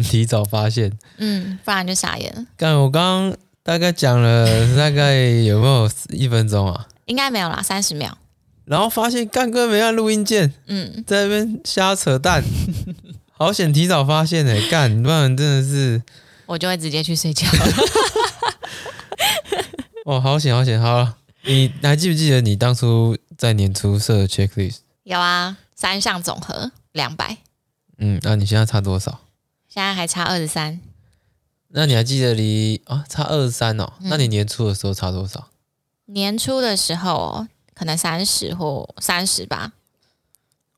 提早發現，嗯，不然就傻眼了。幹，我剛剛大概講了大概有沒有一分鐘啊？應該沒有啦，三十秒。然後發現幹哥沒按錄音鍵，嗯，在那邊瞎扯淡。好險提早發現誒、欸，幹，不然真的是我就會直接去睡覺。 哦，好險，好險，好了。你還記不記得你當初在年初設的 checklist？有啊，三項總和兩百。嗯，那你現在差多少？現在還差二十三，那你還記得離啊差二十三哦、嗯？那你年初的時候差多少？年初的時候可能三十或三十吧。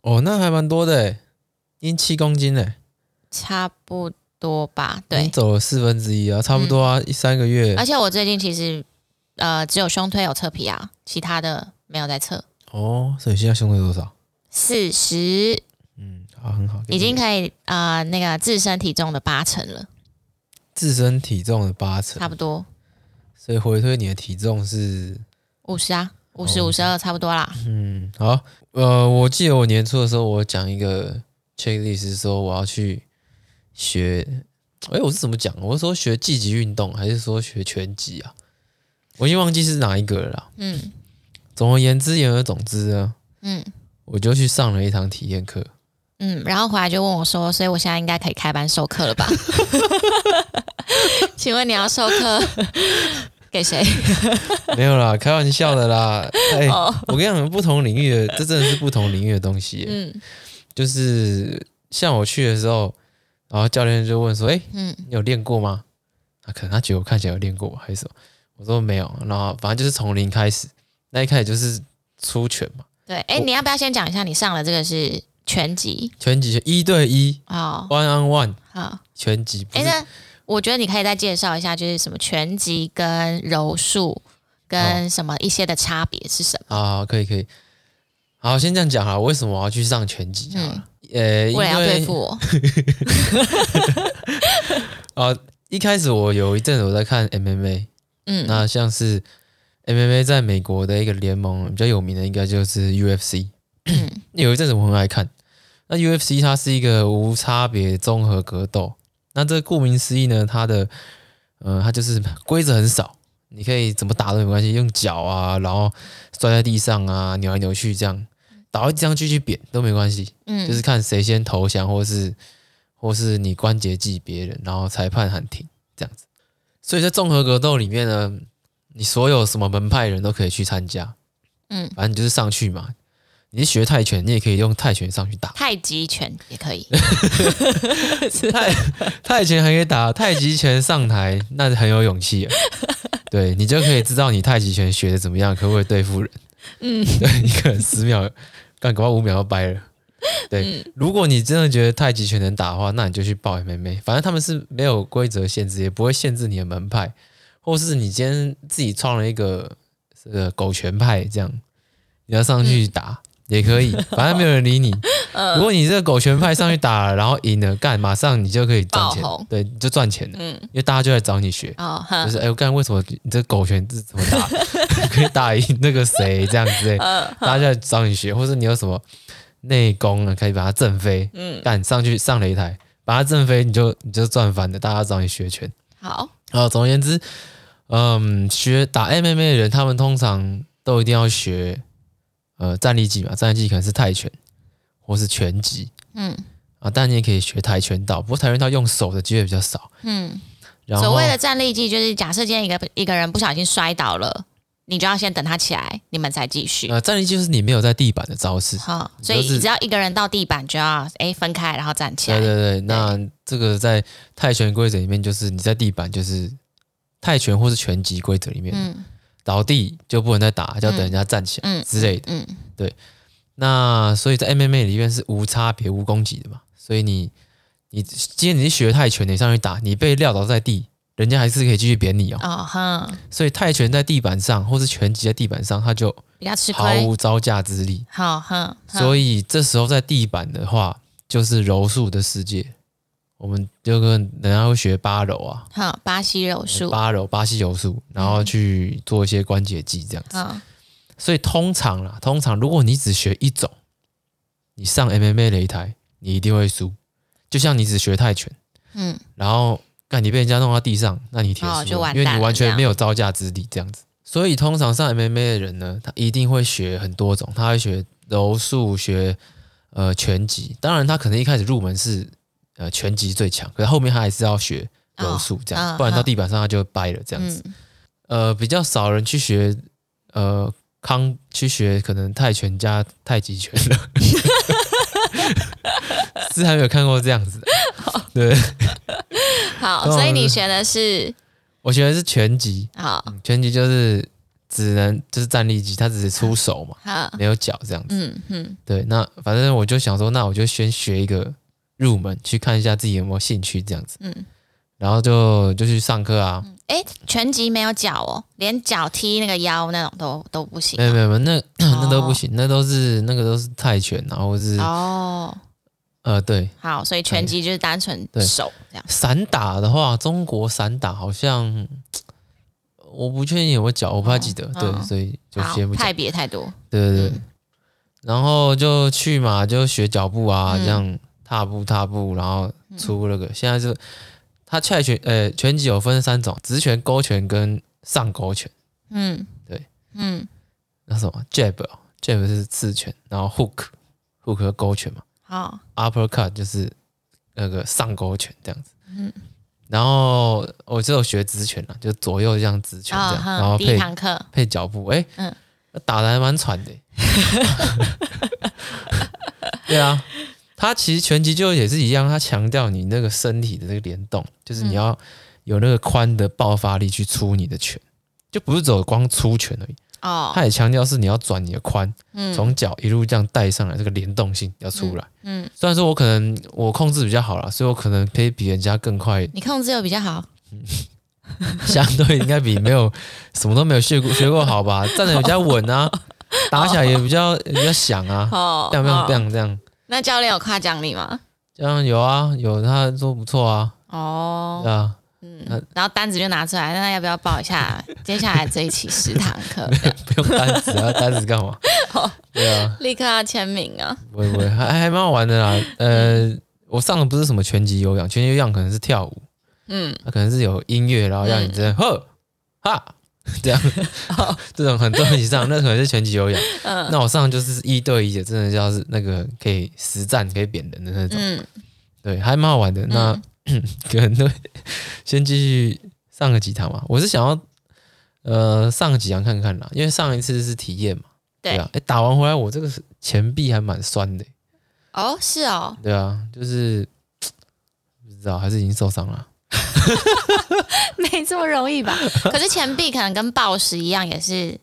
哦，那還蠻多的，應七公斤嘞。差不多吧，對，你走了四分之一啊，差不多啊，嗯、一三個月。而且我最近其實呃，只有胸推有測皮啊，其他的沒有在測。哦，所以現在胸推多少？四十。啊，很好，已經可以啊，呃，那個自身體重的八成了，自身體重的八成，差不多，所以回推你的體重是五十啊，五十五十二，50，差不多啦。嗯，好，呃，我記得我年初的時候，我講一個 checklist 是說我要去學，哎，我是怎麼講？我是說學積級運動還是說學拳擊啊？我已經忘記是哪一個了啦。嗯，總而言之言而總之啊，嗯，我就去上了一堂體驗課。嗯，然後回來就問我說：“所以我現在應該可以開班授課了吧？” 請問你要授課給誰？沒有啦，開玩笑的啦。哎、欸，oh. 我跟你講，不同領域的，這真的是不同領域的東西。嗯，就是像我去的時候，然後教練就問說：“哎、欸，嗯，你有練過嗎？”他可能他覺得我看起來有練過，還是什麼？我說沒有，然後反正就是從零開始。那一開始就是出拳嘛。對，哎、欸，你要不要先講一下你上了這個是？拳擊拳擊一對一啊、oh.，One on One，拳擊。哎、欸，我覺得你可以再介紹一下，就是什麼拳擊跟柔術跟什麼一些的差別是什麼啊、oh.？可以，可以。好，先這樣講啊。為什麼我要去上拳擊啊？呃、嗯欸，因為啊， 一開始我有一陣子我在看 MMA，嗯，那像是 MMA 在美國的一個聯盟比較有名的，應該就是 UFC。 有一陣子我很愛看。那 UFC 它是一個無差別綜合格鬥，那這顧名思義呢，它的，呃，它就是規則很少，你可以怎麼打都沒關係，用腳啊，然後摔在地上啊，扭來扭去這樣，倒在地上繼續扁都沒關係，嗯，就是看誰先投降，或是或是你關節技別人，然後裁判喊停這樣子。所以在綜合格鬥裡面呢，你所有什麼門派人都可以去參加，嗯，反正就是上去嘛。你學泰拳，你也可以用泰拳上去打；太極拳也可以，是 ，泰拳還可以打。太極拳上台，那是很有勇氣。對，你就可以知道你太極拳學的怎麼樣，可不可以對付人。嗯，對， 你可能十秒，幹，搞不好五秒都掰了。對、嗯，如果你真的覺得太極拳能打的話，那你就去報 MMA。反正他們是沒有規則限制，也不會限制你的門派，或是你今天自己創了一個這個狗拳派，這樣你要上去打。嗯也可以，反正沒有人理你。如果你這個狗拳派上去打了，呃，然後贏了，幹，馬上你就可以賺錢哦。對，就賺錢了。嗯，因為大家就來找你學。哦，就是哎，我剛剛為什麼你這個狗拳是怎麼打？你 可以打贏那個誰這樣子？嗯、呃，大家就來找你學，或者你有什麼內功呢可以把它震飛。嗯，幹，上去上擂台把它震飛，你就你就賺翻了。大家找你學拳。好。哦，總而言之，嗯，學打 MMA 的人，他們通常都一定要學。呃，站立技嘛，站立技可能是泰拳或是拳擊，嗯，啊，但你也可以學跆拳道，不過跆拳道用手的機會比較少，嗯。所謂的站立技就是，假設今天一個一個人不小心摔倒了，你就要先等他起來，你們才繼續。呃，站立技就是你沒有在地板的招式，好、哦，所以、就是就是、只要一個人到地板就要誒、欸、分開，然後站起來。對對對，對那這個在泰拳規則裡面就是你在地板，就是泰拳或是拳擊規則裡面。嗯倒地就不能再打，就要等人家站起來、嗯、之類的。嗯，嗯對。那所以在 MMA 裡面是無差別無攻擊的嘛，所以你你今天你是學泰拳，你上去打，你被撂倒在地，人家還是可以繼續扁你哦。好、哦、哈。所以泰拳在地板上，或是拳擊在地板上，他就毫無招架之力。好哈。所以這時候在地板的話，就是柔術的世界。我們就跟人家會學巴柔啊，好巴西柔術、嗯，巴柔巴西柔術，然後去做一些關節技這樣子、嗯。所以通常啦，通常如果你只學一種，你上 MMA 擂台，你一定會輸，就像你只學泰拳，嗯，然後看你被人家弄到地上，那你天啊、哦、就完蛋了，因為你完全沒有招架之力這樣子這樣。所以通常上 MMA 的人呢，他一定會學很多種，他會學柔術，學呃拳擊，當然他可能一開始入門是。呃，拳擊最強，可是後面他還是要學柔術，這樣、哦哦、不然到地板上他就掰了這樣子。嗯、呃，比較少人去學，呃，康去學可能泰拳加太極拳了， 是還沒有看過這樣子。對，好，所以你學的是？我學的是拳擊。好，嗯、拳擊就是只能就是站立擊，他只是出手嘛，沒有腳這樣子。嗯嗯，對，那反正我就想說，那我就先學一個。入門去看一下自己有沒有興趣，這樣子。嗯，然後就就去上課啊。哎，拳擊沒有腳哦，連腳踢那個腰那種都都不行、啊。沒有沒有沒有，那、哦、那都不行，那都是那個都是泰拳、啊，然後是哦，呃對。好，所以拳擊就是單純、嗯、手這樣。散打的話，中國散打好像我不確定有沒有腳，我不太記得、哦、對，所以就先不、哦。派別太多。對對對、嗯。然後就去嘛，就學腳步啊、嗯、這樣。踏步踏步，然後出那個。嗯、現在就是他踹拳，呃，拳擊有分三種：直拳、勾拳跟上勾拳。嗯，對，嗯，那什麼 jab，jab Jab 是刺拳，然後 hook，hook 和 hook 勾拳嘛。好、哦，uppercut 就是那個上勾拳這樣子。嗯，然後我只有學直拳了，就左右這樣直拳這樣，哦嗯、然後配配腳步。哎、嗯，打得還蠻喘的、欸。 對啊。他其實拳擊就也是一樣，他強調你那個身體的這個聯動，就是你要有那個髖的爆發力去出你的拳，就不是走光出拳而已。哦，他也強調是你要轉你的髖，從、嗯、腳一路這樣帶上來，這個聯動性要出來嗯。嗯，雖然說我可能我控制比較好啦，所以我可能可以比人家更快。你控制又比較好，嗯、相對應該比沒有 什麼都沒有學過學過好吧，站得比較穩啊，oh. 打起來也比較、oh. 也比較響啊，這樣這樣這樣。那教練有誇獎你嗎？這樣。有啊，有，他說不錯啊。哦，對啊，嗯，然後單子就拿出來，那要不要報一下 接下來這一期十堂課？不用單子啊， 單子幹嘛？對、哦、啊，立刻要簽名啊。喂喂，還還蠻好玩的啦。 呃，我上的不是什麼拳擊有氧，拳擊有氧可能是跳舞，嗯、啊，可能是有音樂，然後讓你這樣、嗯、呵哈。 這樣，oh. 這種很多人一起上，那可能是拳擊有氧、 嗯。那我上就是一對一的，真的就是那個可以實戰、可以扁人的那種。嗯、對，還蠻好玩的。那、嗯、 可能先繼續上個幾場嘛。我是想要呃上個幾場看看啦，因為上一次是體驗嘛對。對啊，哎、欸，打完回來我這個是前臂還蠻酸的、欸。哦、oh，是哦。對啊，就是不知道還是已經受傷了。 沒這麼容易吧？ 可是前臂可能跟暴食一樣，也是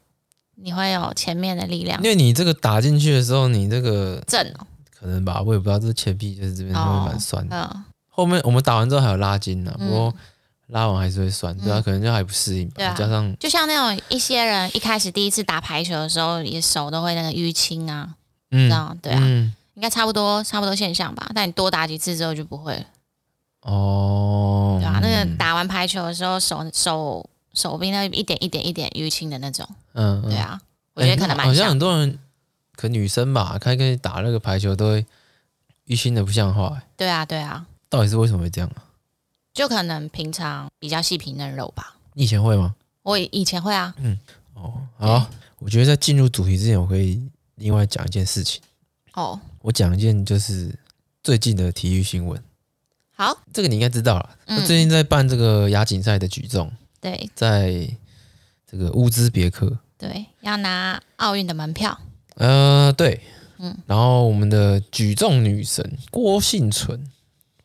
你會有前面的力量。因為你這個打進去的時候，你這個震、哦、可能吧，我也不知道，這、就是、前臂就是這邊會蠻酸的。哦、後面我們打完之後還有拉筋呢，嗯、不過拉完還是會酸，對啊，可能就還不適應。對、嗯、加上就像那種一些人一開始第一次打排球的時候，你手都會那個淤青啊，嗯，知道嗎？對啊，嗯、應該差不多差不多現象吧。但你多打幾次之後就不會了。哦、oh，對啊、嗯，那個打完排球的時候，手手手臂那一點一點一點淤青的那種，嗯，嗯對啊、欸，我覺得可能蠻像的。好像很多人，可能女生吧，她跟打那個排球都會淤青的不像話。對啊，對啊。到底是為什麼會這樣啊？就可能平常比較細皮嫩肉吧。你以前會嗎？我以前會啊。嗯，哦、oh, okay.，好。我覺得在進入主題之前，我可以另外講一件事情。哦、oh.。我講一件就是最近的體育新聞。好，這個你應該知道了、嗯。最近在辦這個亞錦賽的舉重，對，在這個烏茲別克，對，要拿奧運的門票。呃，對，嗯、然後我們的舉重女神郭婞淳，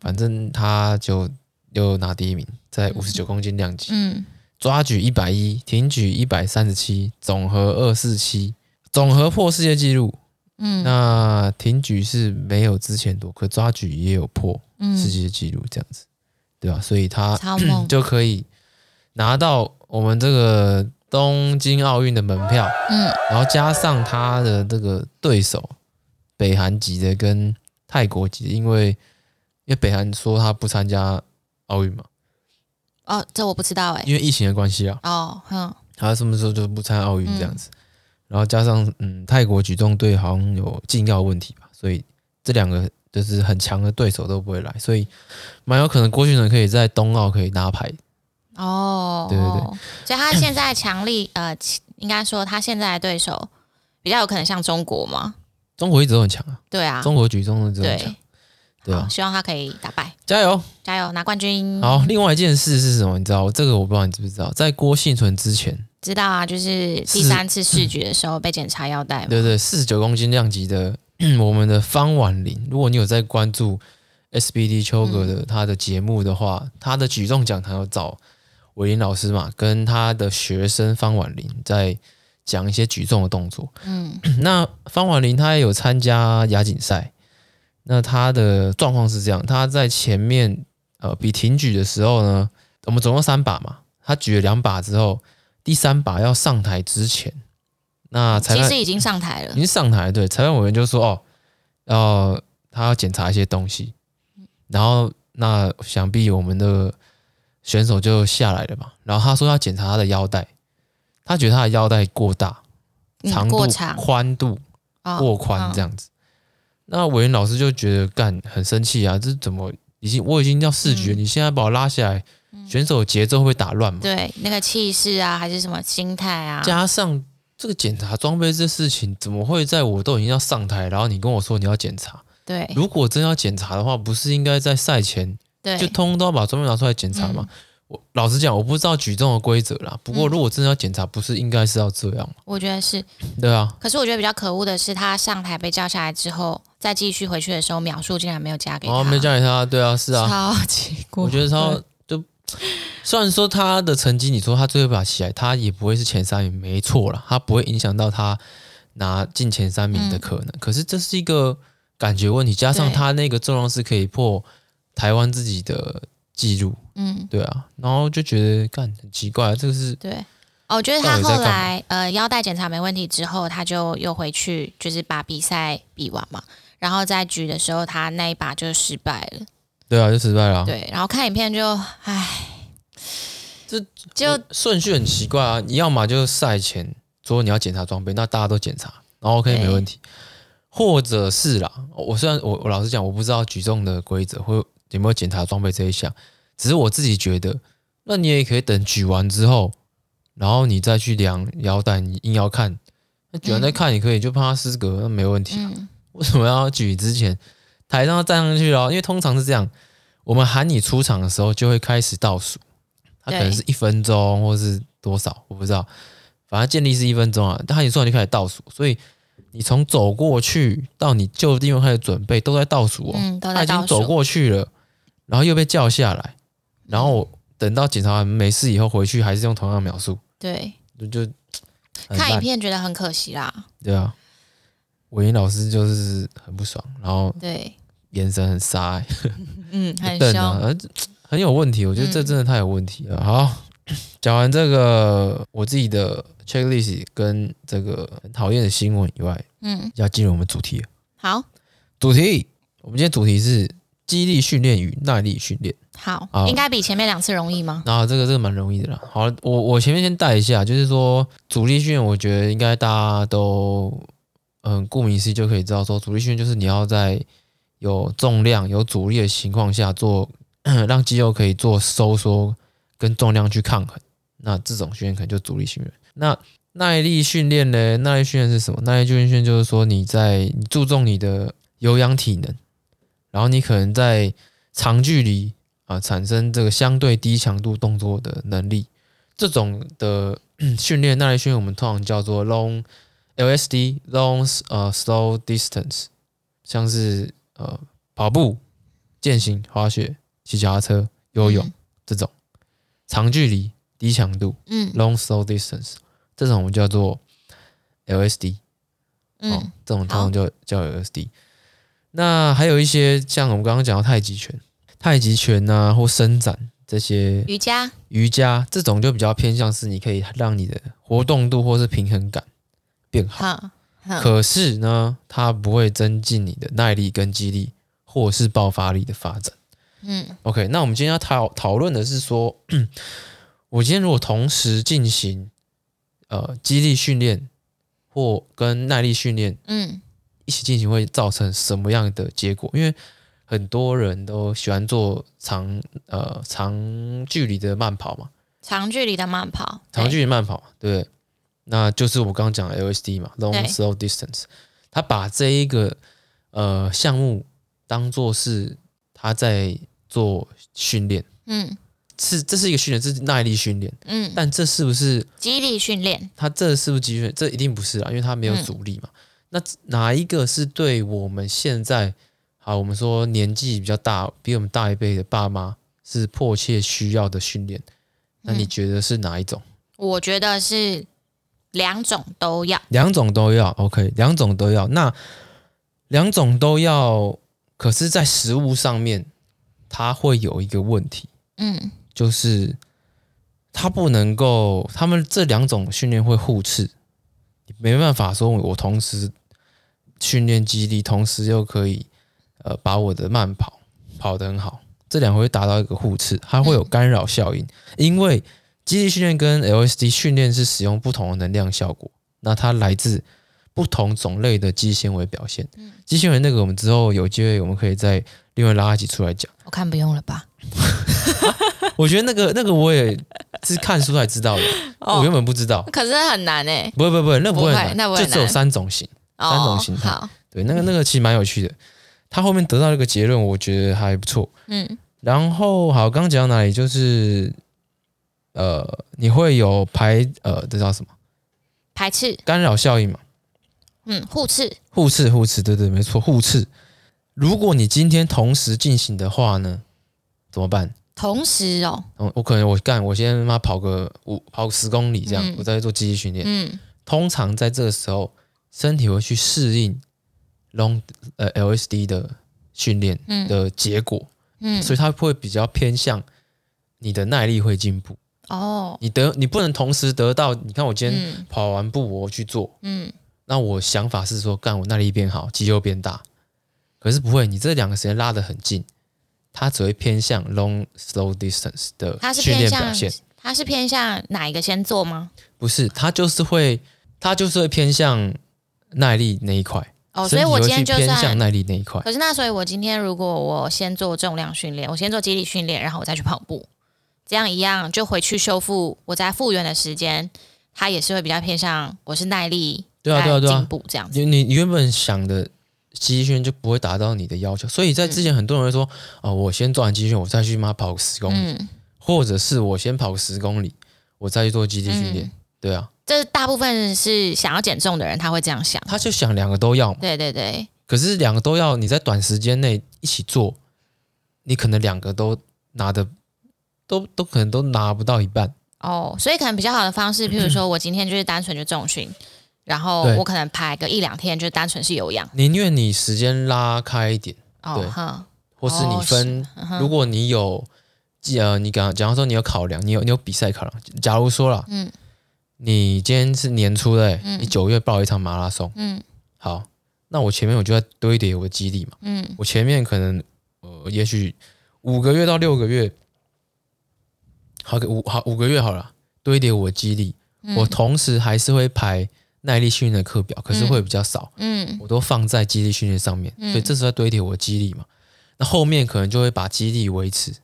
反正她就又拿第一名，在五十九公斤量級，嗯，抓舉一百一，挺舉一百三十七，總和二四七，總和破世界紀錄。嗯，那挺舉是沒有之前多，可抓舉也有破。世界紀錄這樣子，對吧、啊？所以他 就可以拿到我們這個東京奧運的門票。嗯，然後加上他的這個對手，北韓籍的跟泰國籍的，因為因為北韓說他不參加奧運嘛。哦，這我不知道哎、欸。因為疫情的關係啊。哦，嗯。他什麼時候就不參加奧運這樣子、嗯？然後加上，嗯，泰國舉重隊好像有禁藥問題吧？所以這兩個。就是很強的對手都不會來，所以蠻有可能郭婞淳可以在冬奧可以拿牌。哦，對對對，所以他現在強力 呃，應該說他現在的對手比較有可能像中國嘛？中國一直都很強啊。對啊。中國舉重的這種對對啊。希望他可以打敗。加油加油，拿冠軍！好，另外一件事是什麼？你知道這個我不知道你知不知，不知道？在郭婞淳之前，知道啊，就是第三次試舉、嗯、的時候被檢查腰帶嘛？對對、對，四十九公斤量級的。 我們的方婉玲，如果你有在關注 SBD 秋格的他的節目的話，嗯、他的舉重講堂有找偉林老師嘛，跟他的學生方婉玲在講一些舉重的動作。嗯， 那方婉玲她也有參加亞錦賽，那她的狀況是這樣，她在前面呃比挺舉的時候呢，我們總共三把嘛，她舉了兩把之後，第三把要上台之前。那裁判其實已經上台了，已經上台。對，裁判委員就說：“哦，要、呃、他要檢查一些東西。”然後那想必我們的選手就下來了嘛。然後他說他要檢查他的腰帶，他覺得他的腰帶過大，長度、嗯、過長、寬度過寬這樣子、哦哦。那委員老師就覺得幹很生氣啊！這怎麼已經我已經要視覺、嗯，你現在把我拉下來，選手節奏會不會打亂嘛、嗯？對，那個氣勢啊，還是什麼心態啊？加上。這個檢查裝備這事情，怎麼會在我都已經要上台，然後你跟我說你要檢查？對，如果真的要檢查的話，不是應該在賽前，對，就通通都要把裝備拿出來檢查嗎、嗯？我老實講，我不知道舉重的規則啦。不過如果真的要檢查，嗯、不是應該是要這樣嗎？我覺得是。對啊，可是我覺得比較可惡的是，他上台被叫下來之後，再繼續回去的時候，秒數竟然沒有加給他，哦、沒加給他。對啊，是啊，超奇怪，我覺得他。嗯雖然說他的成績，你說他最後一把起來，他也不會是前三名，沒錯啦，他不會影響到他拿進前三名的可能，嗯。可是這是一個感覺問題，加上他那個重量是可以破台灣自己的記錄，嗯，對啊，然後就覺得幹很奇怪，這個是。對，我覺得他後來在呃腰帶檢查沒問題之後，他就又回去就是把比賽比完嘛，然後在舉的時候他那一把就失敗了。對啊，就失敗了、啊。對，然後看影片就唉，這就，就順序很奇怪啊！你要麼就賽前說你要檢查裝備，那大家都檢查，然後 OK 沒問題；或者是啦，我雖然我我老實講，我不知道舉重的規則會有，有沒有檢查裝備這一項，只是我自己覺得，那你也可以等舉完之後，然後你再去量腰帶，你硬要看，那舉完再看，你可以、嗯、就怕他失格，那沒問題啊。嗯、為什麼要舉之前？台上要站上去嘍，因為通常是這樣，我們喊你出場的時候就會開始倒數，它可能是一分鐘或是多少，我不知道，反正建立是一分鐘啊，但你說完就開始倒數，所以你從走過去到你舊的地方開始準備都在倒數哦、喔，他、嗯、已經走過去了，然後又被叫下來，然後等到檢查完沒事以後回去還是用同樣的描述。數，對，就看影片覺得很可惜啦，對啊，偉英老師就是很不爽，然後對。眼神很殺、欸，嗯，很笨， 很有問題、嗯。我覺得這真的太有問題了。好，講完這個我自己的 checklist 跟這個很討厭的新聞以外，嗯，要進入我們主題了。好，主題，我們今天主題是肌力訓練與耐力訓練。好，應該比前面兩次容易嗎？後、啊、這個是蠻、這個、容易的啦。好，我我前面先帶一下，就是說，阻力訓練，我覺得應該大家都，嗯，顧名思義就可以知道說，說阻力訓練就是你要在有重量、有阻力的情況下做，讓肌肉可以做收縮，跟重量去抗衡，那這種訓練可能就阻力訓練。那耐力訓練呢？耐力訓練是什麼？耐力訓練就是說你在你注重你的有氧體能，然後你可能在長距離啊產生這個相對低強度動作的能力。這種的訓練，耐力訓練我們通常叫做 long LSD longs 呃 slow distance，像是。呃，跑步、健行、滑雪、騎腳踏車、游泳、嗯、這種長距離低強度，嗯，long slow distance 這種我們叫做 LSD，嗯，哦、這種通常叫叫 LSD。那還有一些像我們剛剛講到太極拳、太極拳吶、啊，或伸展這些瑜伽、瑜伽這種就比較偏向是你可以讓你的活動度或是平衡感變好。好可是呢，它不會增進你的耐力跟肌力，或者是爆發力的發展。嗯，OK，那我們今天要討討論的是說，我今天如果同時進行呃肌力訓練或跟耐力訓練，嗯，一起進行會造成什麼樣的結果？因為很多人都喜歡做長呃長距離的慢跑嘛，長距離的慢跑，長距離慢跑，對。對那就是我剛剛講的 LSD 嘛，Long Slow Distance，他把這一個呃項目當做是他在做訓練，嗯，是這是一個訓練，這是耐力訓練，嗯，但這是不是肌力訓練？他這是不是肌力訓？這一定不是啊，因為他沒有阻力嘛、嗯。那哪一個是對我們現在好？我們說年紀比較大，比我們大一輩的爸媽是迫切需要的訓練，那你覺得是哪一種？嗯、我覺得是。兩種都要，兩種都要，OK，兩種都要。那兩種都要，可是，在食物上面，它會有一個問題，嗯，就是它不能夠，他們這兩種訓練會互斥，沒辦法說我同時訓練肌力同時又可以呃把我的慢跑跑得很好，這兩回會達到一個互斥，它會有干擾效應，嗯、因為。肌力訓練跟 LSD 訓練是使用不同的能量效果，那它來自不同種類的肌纖維表現。肌纖維那個我們之後有機會，我們可以再另外拉一集出來講。我看不用了吧 我覺得那個那個我也是看書才知道的，哦、我原本不知道。可是很難誒、欸，不不不那不會，那不會，不會，那不會，就只有三種型，哦、三種形態。對，那個那個其實蠻有趣的。他後面得到一個結論，我覺得還不錯。嗯。然後好，剛剛講到哪裡？就是。呃，你會有排呃，這叫什麼？排斥干擾效應嘛？嗯，互斥，互斥，互斥，對，對對，沒錯，互斥。如果你今天同時進行的話呢，怎麼辦？同時哦？嗯，我可能我幹，我先慢跑個五跑十公里這樣，嗯，我再做肌力訓練。嗯，通常在這個時候，身體會去適應 long 呃 LSD 的訓練的，結果，嗯，所以它會比較偏向你的耐力會進步。哦、oh，你得你不能同時得到。你看我今天跑完步，嗯、我去做。嗯，那我想法是說，幹我耐力變好，肌肉變大。可是不會，你這兩個時間拉得很近，它只會偏向 long slow distance 的訓練表現。它是偏向哪一個先做嗎？不是，它就是會，它就是會偏向耐力那一塊。哦、oh，所以我今天就是偏向耐力那一塊。可是那所以我今天如果我先做重量訓練，我先做肌力訓練，然後我再去跑步。這樣一樣就回去修復，我在復原的時間，他也是會比較偏向我是耐力，對啊對啊對啊，對啊進步這樣子。你原本想的肌力訓練就不會達到你的要求，所以在之前很多人會說，嗯，哦，我先做完肌力訓練我再去媽跑十公里，嗯，或者是我先跑十公里，我再去做肌力訓練，嗯，對啊。這大部分是想要減重的人，他會這樣想，他就想兩個都要。對對對。可是兩個都要，你在短時間內一起做，你可能兩個都拿的，都都可能都拿不到一半哦，oh, 所以可能比較好的方式，譬如說我今天就是單純就重訓， 然後我可能排個一兩天就是、單純是有氧，寧願你時間拉開一點，對，哈、oh, huh.，或是你分，oh, 如果你有，uh -huh. 呃，你剛假如說你有考量，你有你有比賽考量，假如說啦，嗯，你今天是年初的、嗯，你九月報一場馬拉松，嗯，好，那我前面我就要堆疊有個基底嘛，嗯，我前面可能呃，也許五個月到六個月。好，五好五個月好了，堆疊我的肌力，嗯。我同時還是會排耐力訓練的課表，可是會比較少。嗯，嗯我都放在肌力訓練上面，嗯，所以這是在堆疊我的肌力嘛，那後面可能就會把肌力維持，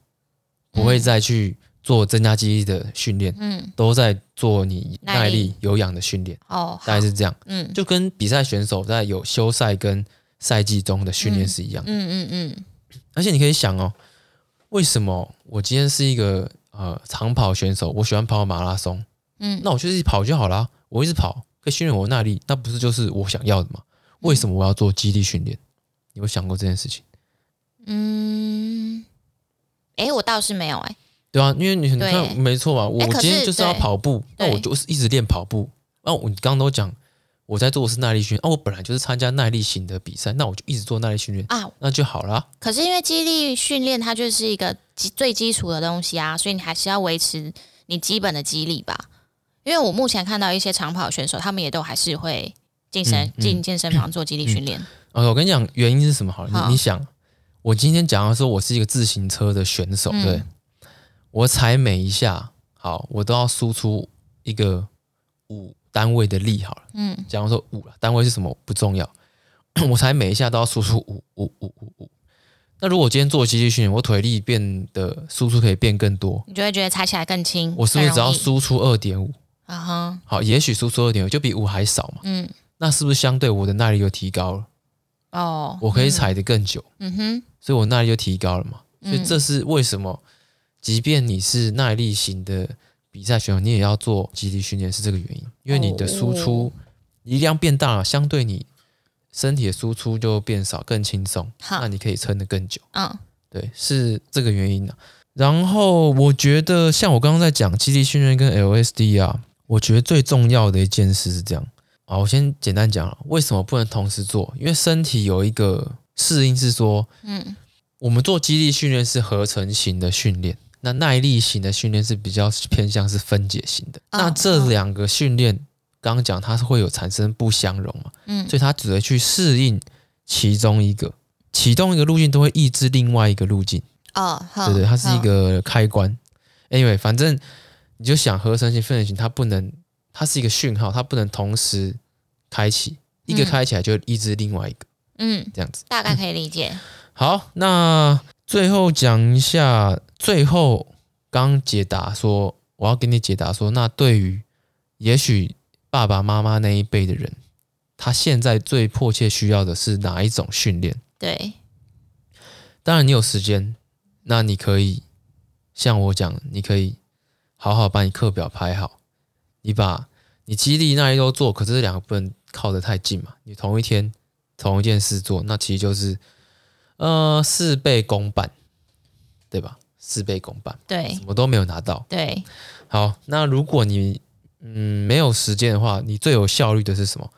不會再去做增加肌力的訓練。嗯，都在做你耐力有氧的訓練。哦，嗯，大概是這樣。嗯，就跟比賽選手在有休賽跟賽季中的訓練是一樣的。嗯嗯嗯，嗯。而且你可以想哦，為什麼我今天是一個，呃，長跑選手，我喜歡跑馬拉松，嗯，那我就是跑就好啦，啊，我一直跑，可以訓練我耐力，那不是就是我想要的嗎？為什麼我要做肌力訓練？嗯、你有想過這件事情？嗯，哎，欸，我倒是沒有哎，欸，對啊，因為你看，沒錯嘛我，欸，我今天就是要跑步，那我就是一直練跑步，那我剛剛都講。我在做的是耐力訓練哦，我本來就是參加耐力型的比賽，那我就一直做耐力訓練啊，那就好了。可是因為肌力訓練它就是一個最基礎的東西啊，所以你還是要維持你基本的肌力吧。因為我目前看到一些長跑選手，他們也都還是會健身進、嗯嗯、健身房做肌力訓練。哦、嗯嗯嗯嗯啊，我跟你講，原因是什麼好了？好、哦，你你想，我今天講到說我是一個自行車的選手，嗯、對我踩每一下，好，我都要輸出一個五。單位的力好了，嗯，假如說五，單位是什麼不重要， 我踩每一下都要輸出五五五五五。那如果我今天做肌力訓練，我腿力變得輸出可以變更多，你就會覺得踩起來更輕。我是不是只要輸出二點五？啊哈、uh -huh，好，也許輸出二點五就比五還少嘛。嗯，那是不是相對我的耐力又提高了？哦、oh,，我可以踩得更久。嗯哼，所以我耐力就提高了嘛。嗯、所以這是為什麼？即便你是耐力型的。比賽選手你也要做肌力訓練是這個原因，因為你的輸出力量變大了，oh yeah. 相對你身體的輸出就變少，更輕鬆，huh. 那你可以撐得更久。嗯。oh. 對，是這個原因啊。然後我覺得像我剛剛在講肌力訓練跟 LSD 啊，我覺得最重要的一件事是這樣啊。我先簡單講了為什麼不能同時做，因為身體有一個適應，是說，嗯，我們做肌力訓練是合成型的訓練。那耐力型的訓練是比較偏向是分解型的。哦、那這兩個訓練剛剛講，哦、它是會有產生不相容嘛？嗯，所以它只會去適應其中一個，啟動一個路徑都會抑制另外一個路徑。哦，好，對對，它是一個開關。Anyway，反正你就想合成型分解型，它不能，它是一個訊號，它不能同時開啟、嗯，一個開起來就抑制另外一個。嗯，這樣子大概可以理解。嗯、好，那最後講一下。最後剛解答說，我要給你解答說，那對於也許爸爸媽媽那一輩的人，他現在最迫切需要的是哪一種訓練？對，當然你有時間，那你可以像我講，你可以好好把你課表排好，你把你肌力那一周做，可是兩個不能靠得太近嘛，你同一天同一件事做，那其實就是呃事倍功半，對吧？事倍功半，對，什麼都沒有拿到，對。好，那如果你嗯沒有時間的話，你最有效率的是什麼？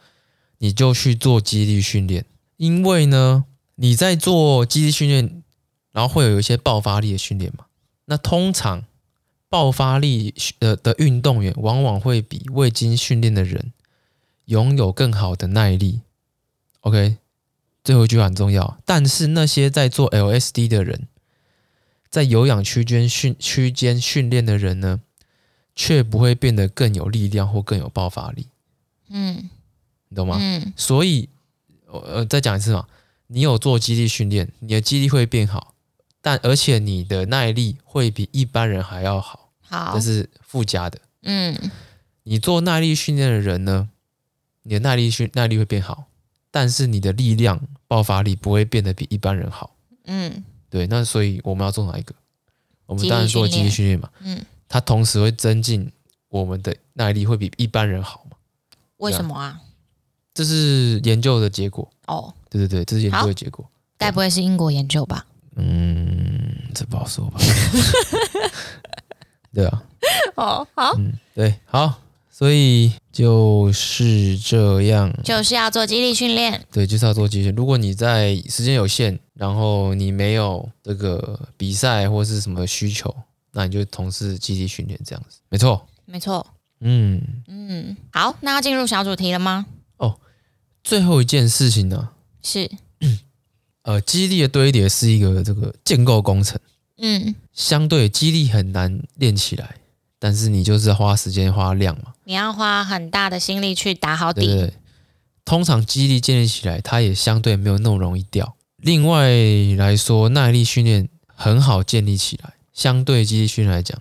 你就去做肌力訓練，因為呢，你在做肌力訓練，然後會有一些爆發力的訓練嘛。那通常爆發力的的運動員往往會比未經訓練的人擁有更好的耐力。OK，最後一句很重要。但是那些在做 LSD 的人。在有氧區間訓區間訓練的人呢，卻不會變得更有力量或更有爆發力。嗯，你懂嗎？嗯。所以，我呃，再講一次嘛，你有做肌力訓練，你的肌力會變好，但而且你的耐力會比一般人還要好。好，這是附加的。嗯。你做耐力訓練的人呢，你的耐力訓耐力會變好，但是你的力量、爆發力不會變得比一般人好。嗯。對，那所以我們要做哪一個？我們當然做肌力訓練嘛。嗯，它同時會增進我們的耐力，會比一般人好嘛。為什麼啊？啊這是研究的結果哦。對對對，這是研究的結果。該不會是英國研究吧？嗯，這不好說吧。 對啊。哦，好。嗯，對，好。所以就是這樣，就是要做肌力訓練。對，就是要做肌力。如果你在時間有限。然後你沒有這個比賽或是什麼需求，那你就從事肌力訓練這樣子。沒錯，沒錯，嗯嗯，好，那要進入小主題了嗎？哦，最後一件事情呢？是，呃，肌力的堆疊是一個這個建構工程，嗯，相對肌力很難練起來，但是你就是花時間花量嘛，你要花很大的心力去打好底，對，對，通常肌力建立起來，它也相對沒有那麼容易掉。另外來說，耐力訓練很好建立起來，相對肌力訓練來講，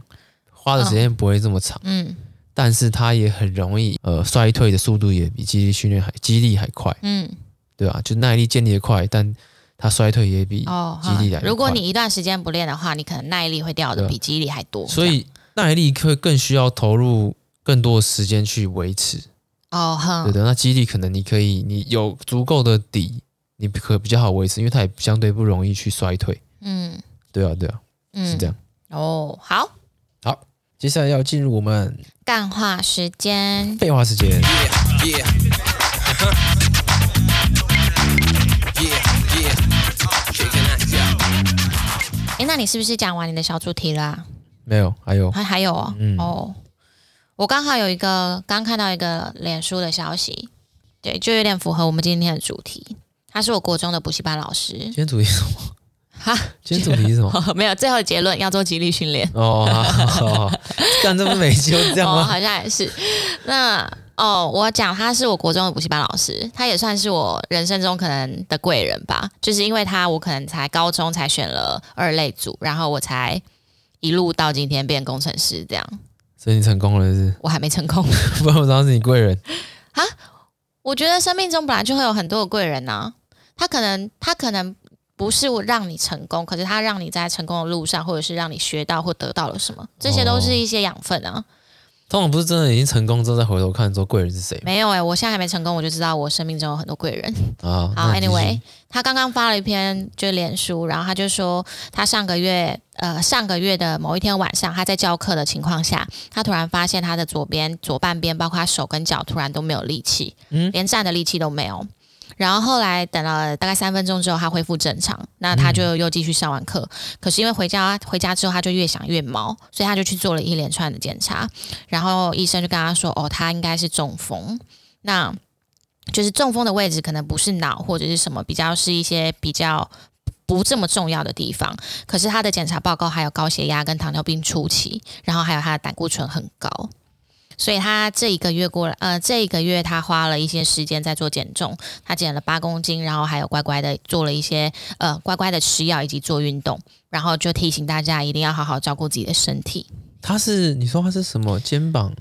花的時間不會這麼長。哦。嗯，但是它也很容易，呃，衰退的速度也比肌力訓練還肌力還快。嗯，對吧？啊？就耐力建立的快，但它衰退也比肌力還快。哦。如果你一段時間不練的話，你可能耐力會掉的比肌力還多。所以耐力會更需要投入更多的時間去維持。哦哈，對的。那肌力可能你可以，你有足夠的底。你可比較好維持，因為它也相對不容易去衰退。嗯，對啊，對啊，嗯，是這樣。哦，好，好，接下來要進入我們幹話時間，廢話時間。哎、yeah, yeah. yeah, yeah. oh，嗯欸，那你是不是講完你的小主題了？沒有，還有，還還有哦，嗯 oh, 我剛好有一個，剛看到一個臉書的消息，對，就有點符合我們今天的主題。他是我國中的補習班老師。今天主題什麼？哈，今天主題什麼、哦？沒有，最後的結論要做肌力訓練。哦，幹好好好 這麼沒羞這樣嗎？哦、好像也是。那哦，我講他是我國中的補習班老師，他也算是我人生中可能的貴人吧。就是因為他，我可能才高中才選了二類組，然後我才一路到今天變工程師這樣。所以你成功了是，是？我還沒成功， 不然我當是你貴人啊？我覺得生命中本來就會有很多的貴人呢、啊。他可能，他可能不是我讓你成功，可是他讓你在成功的路上，或者是讓你學到或得到了什麼，這些都是一些養分啊、哦。通常不是真的已經成功之後再回頭看，說貴人是誰？沒有誒、欸，我現在還沒成功，我就知道我生命中有很多貴人啊、哦。好，Anyway，他剛剛發了一篇就臉書，然後他就說，他上個月呃上個月的某一天晚上，他在教課的情況下，他突然發現他的左邊左半邊，包括他手跟腳，突然都沒有力氣、嗯，連站的力氣都沒有。然後後來等了大概三分鐘之後，他恢復正常，那他就又繼續上完課。嗯、可是因為回家回家之後，他就越想越毛，所以他就去做了一連串的檢查。然後醫生就跟他說：“哦，他應該是中風，那就是中風的位置可能不是腦或者是什麼，比較是一些比較不這麼重要的地方。可是他的檢查報告還有高血壓跟糖尿病初期，然後還有他的膽固醇很高。”所以他這一個月過了，呃，這一個月他花了一些時間在做減重，他減了八公斤，然後還有乖乖的做了一些，呃，乖乖的吃藥以及做運動，然後就提醒大家一定要好好照顧自己的身體。他是你說他是什麼肩膀？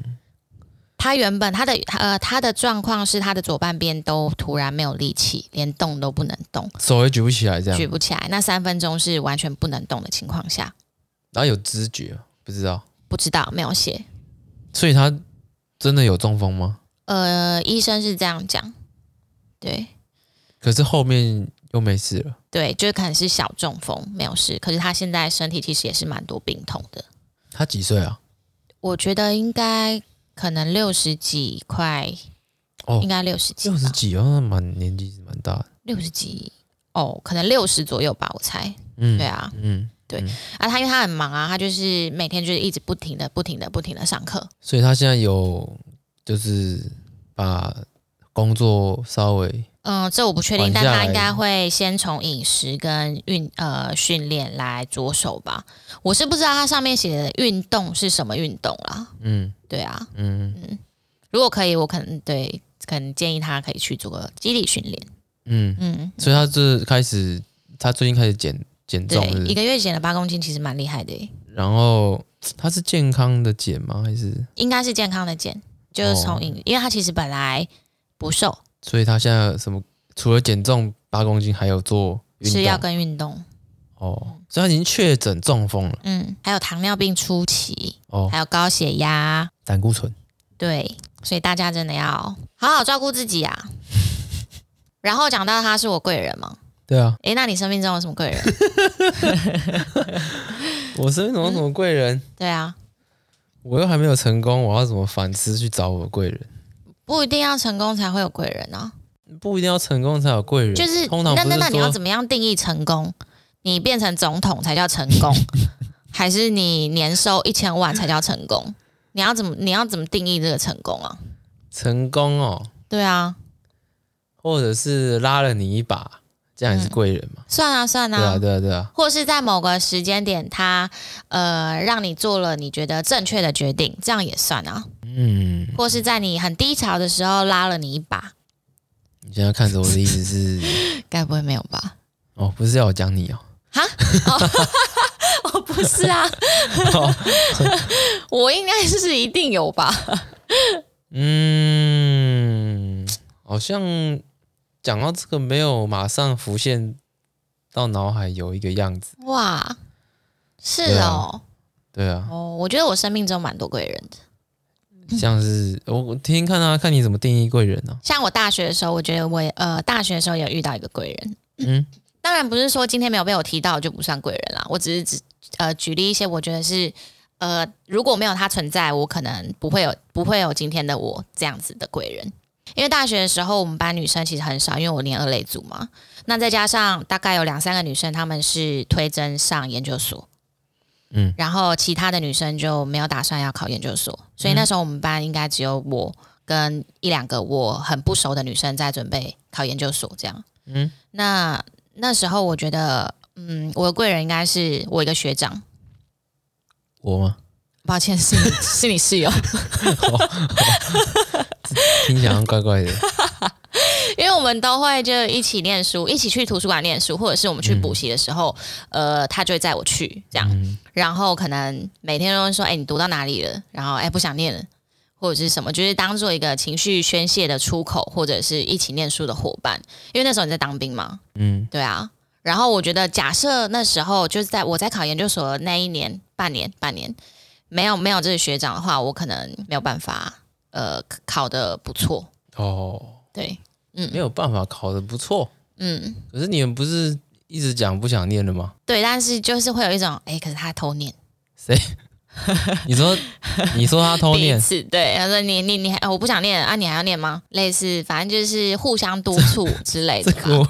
他原本他的呃他的狀況是他的左半邊都突然沒有力氣，連動都不能動，手也舉不起來，這樣舉不起來。那三分鐘是完全不能動的情況下，哪有知覺？不知道，不知道，沒有寫。所以他。真的有中風嗎？呃，醫生是這樣講，對。可是後面又沒事了。對，就可能是小中風，沒有事。可是他現在身體其實也是蠻多病痛的。他幾歲啊？我覺得應該可能六十幾塊，哦，應該六十幾，六十幾哦，蠻年紀蠻大的。六十幾，哦，可能六十左右吧，我猜。嗯，對啊，嗯。對、嗯、啊，他因為他很忙啊，他就是每天就是一直不停的、不停的、不停的上課，所以他現在有就是把工作稍微嗯，這我不確定，但他應該會先從飲食跟運呃訓練來着手吧。我是不知道他上面寫的運動是什麼運動啦。嗯，對啊，嗯嗯，如果可以，我可能對可能建議他可以去做個肌力訓練。嗯嗯，所以他是開始、嗯、他最近開始減。減重是不是？對，一個月減了八公斤，其實蠻厲害的。然後他是健康的減嗎？還是應該是健康的減，就是從因、哦，因為他其實本來不瘦，所以他現在什麼除了減重八公斤，還有做吃藥跟運動哦。所以他已經確診中風了，嗯，還有糖尿病初期，哦，還有高血壓、膽固醇，對，所以大家真的要好好照顧自己啊。 然後講到他是我貴人嗎？對啊，哎、欸，那你生命中有什麼貴人？ 我生命中有什麼貴人？對啊，我又還沒有成功，我要怎麼反思去找我的貴人？不一定要成功才會有貴人啊！不一定要成功才有貴人，就是……是那那那你要怎麼樣定義成功？你變成總統才叫成功， 還是你年收一千萬才叫成功？你要怎麼你要怎麼定義這個成功啊？成功哦，對啊，或者是拉了你一把。這樣也是貴人嘛，嗯？算啊，算啊。對啊對啊對啊。或是在某個時間點，他他呃讓你做了你覺得正確的決定，這樣也算啊。嗯。或是在你很低潮的時候拉了你一把。你現在看着我的意思是？ 該不會沒有吧？哦，不是要我講你哦。哈，哦， 我不是啊。 我應該是一定有吧。 嗯，好像。講到這個，沒有馬上浮現到腦海有一個樣子。哇，是哦？對啊，對啊哦，我覺得我生命中蠻多貴人的，像是我我聽聽看啊，看你怎麼定義貴人呢、啊？像我大學的時候，我覺得我呃，大學的時候也有遇到一個貴人，嗯，當然不是說今天沒有被我提到就不算貴人了、啊，我只是只呃舉例一些，我覺得是呃，如果沒有他存在，我可能不會有不會有今天的我這樣子的貴人。因為大學的時候，我們班女生其實很少，因為我念二類組嘛。那再加上大概有兩三個女生，他們是推甄上研究所，嗯，然後其他的女生就沒有打算要考研究所。所以那時候我們班應該只有我跟一兩個我很不熟的女生在準備考研究所，這樣。嗯，那那時候我覺得，嗯，我的貴人應該是我一個學長。我嗎？抱歉，是是你室友。 好 聽起來怪怪的 ，因為我們都會就一起念書，一起去圖書館念書，或者是我們去補習的時候，嗯、呃，他就會載我去這樣。嗯、然後可能每天都會說：“哎、欸，你讀到哪裡了？”然後“哎、欸，不想念了”或者是什麼，就是當做一個情緒宣洩的出口，或者是一起念書的伙伴。因為那時候你在當兵嘛，嗯，對啊。然後我覺得，假設那時候就是在我在考研究所的那一年，半年，半年沒有沒有這個學長的話，我可能沒有辦法。呃，考得不錯哦，對，嗯，沒有辦法，考得不錯，嗯，可是你們不是一直講不想念的嗎？對，但是就是會有一種，哎，可是他偷念，誰？你說，你說他偷念是？對，他說你你你還，我不想念啊，你還要念嗎？類似，反正就是互相督促之類的。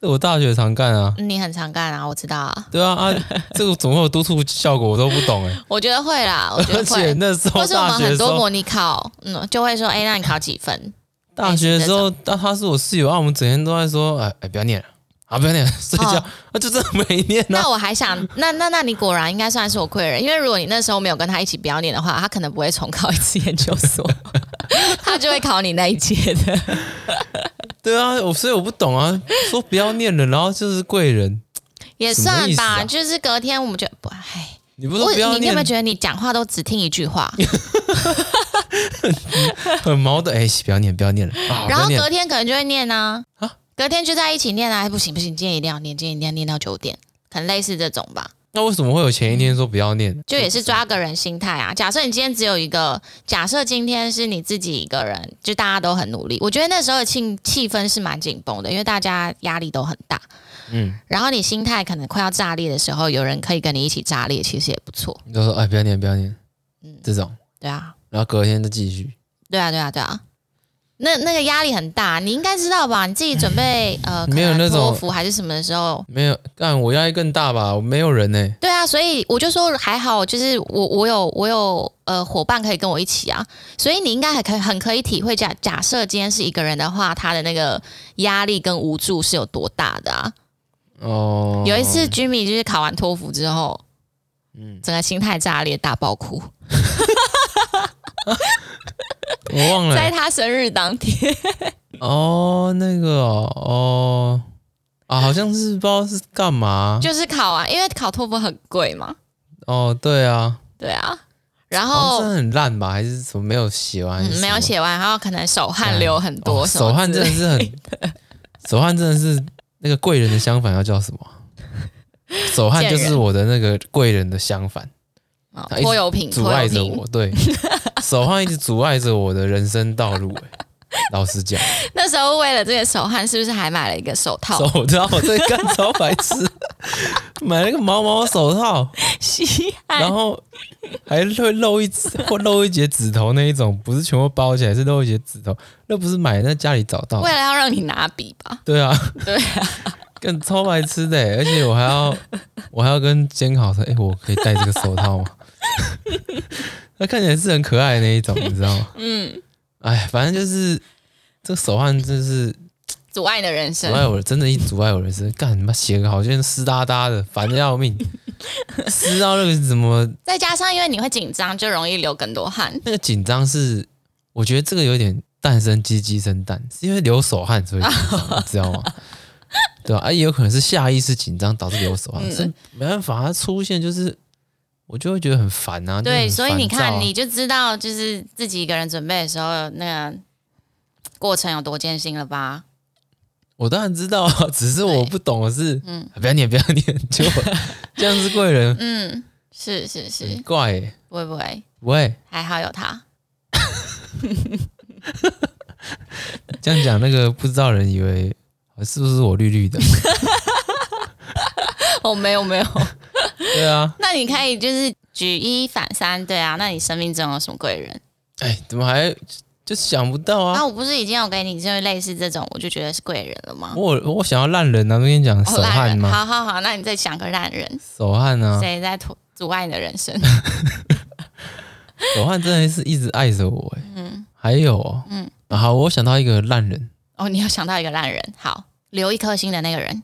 我大學常幹啊，你很常幹啊，我知道啊。對啊啊，這個總會有督促效果，我都不懂哎、欸。 我覺得會啦，我覺得會。而且那時候時候，是我們很多模擬考，嗯，就會說，哎、欸，那你考幾分？大學的時候，那他是我室友，那、啊、我們整天都在說，哎、欸、哎、欸，不要念了。啊！不要念，睡覺，那、oh, 啊、就這麼沒念呢，、啊。那我還想，那那那你果然應該算是我貴人，因為如果你那時候沒有跟他一起不要念的話，他可能不會重考一次研究所， 他就會考你那一屆的。對啊，我所以我不懂啊，說不要念了，然後就是貴人，也算吧，、啊，就是隔天我們就不唉。你不是說不要念，你有沒有覺得你講話都只聽一句話？ 很矛盾。哎、欸，不要念，不要念了、啊。然後隔天可能就會念啊。啊隔天就在一起念啊！不行不行，今天一定要念，今天一定要念到九點，可能類似這種吧。那為什麼會有前一天說不要念？就也是抓個人心態啊。假設你今天只有一個，假設今天是你自己一個人，就大家都很努力。我覺得那時候的氣氣氛是蠻緊繃的，因為大家壓力都很大。嗯。然後你心態可能快要炸裂的時候，有人可以跟你一起炸裂，其實也不錯。你就說哎、欸，不要念，不要念。嗯，這種。對啊。然後隔天再繼續。對啊，對啊，對啊。那那個壓力很大，你應該知道吧？你自己準備呃，沒有那種托福還是什麼的時候，沒有，但我壓力更大吧？我沒有人呢、欸。對啊，所以我就說還好，就是我我有我有呃夥伴可以跟我一起啊，所以你應該還可以很可以體會假假設今天是一個人的話，他的那個壓力跟無助是有多大的啊？哦，有一次 Jimmy 就是考完托福之後，嗯，整個心態炸裂，大爆哭。 啊我忘了，在他生日當天哦，那個哦哦，啊，好像是不知道是幹嘛，啊，就是考啊，因為考托福很貴嘛。哦，對啊，對啊。然後好像真的很爛吧，還是什麼沒有寫完，嗯？沒有寫完，然後可能手汗流很多。嗯哦，手汗真的是很， 手汗真的是那個貴人的相反，要叫什麼？手汗就是我的那個貴人的相反啊，拖，哦，油瓶阻礙着我，對。手汗一直阻礙着我的人生道路、欸，哎，老實講，那時候為了這個手汗，是不是還買了一個手套？手套對，更超白痴，買了一個毛毛手套，稀罕，然後還會露一指或露一截指頭那一種，不是全部包起來，是露一截指頭，那不是買那家裡找到的，為了要讓你拿筆吧？對啊，對啊，更超白痴的、欸，而且我還要我還要跟監考說，哎，我可以戴這個手套嗎？ 那看起來是很可愛的那一種，你知道嗎？嗯，哎，反正就是這個手汗、就是，真是阻礙的人生，阻礙我，真的，一阻礙我人生、嗯。幹，什麼寫個好，就濕噠噠的，煩的要命，濕 到那個是怎麼。再加上，因為你會緊張，就容易流更多汗。那個緊張是，我覺得這個有點蛋生雞，雞生蛋，是因為流手汗所以緊張、啊，你知道嗎？ 對吧？啊，也有可能是下意識緊張導致流手汗，是、嗯、沒辦法，它出現就是。我就會覺得很煩啊！對啊，所以你看，你就知道，就是自己一個人準備的時候，那個過程有多艱辛了吧？我當然知道，只是我不懂的是，嗯、啊，不要念，不要念，就 這樣是貴人，嗯，是是是，怪、欸，不會不會不會，還好有他。 這樣講，那個不知道人以為是不是我綠綠的？哦， 沒有沒有。對啊，那你可以就是舉一反三，對啊，那你生命中有什麼貴人？哎，怎麼還就想不到啊？那、啊、我不是已經有給你就是類似這種，我就覺得是貴人了嗎？我我想要爛人啊，我跟你講，手汗嗎、哦？好好好，那你再想個爛人，手汗啊，誰在阻阻礙你的人生？ 手汗真的是一直愛着我哎、欸。嗯，還有哦，哦嗯、啊，好，我想到一個爛人哦，你要想到一個爛人，好，留一顆心的那個人，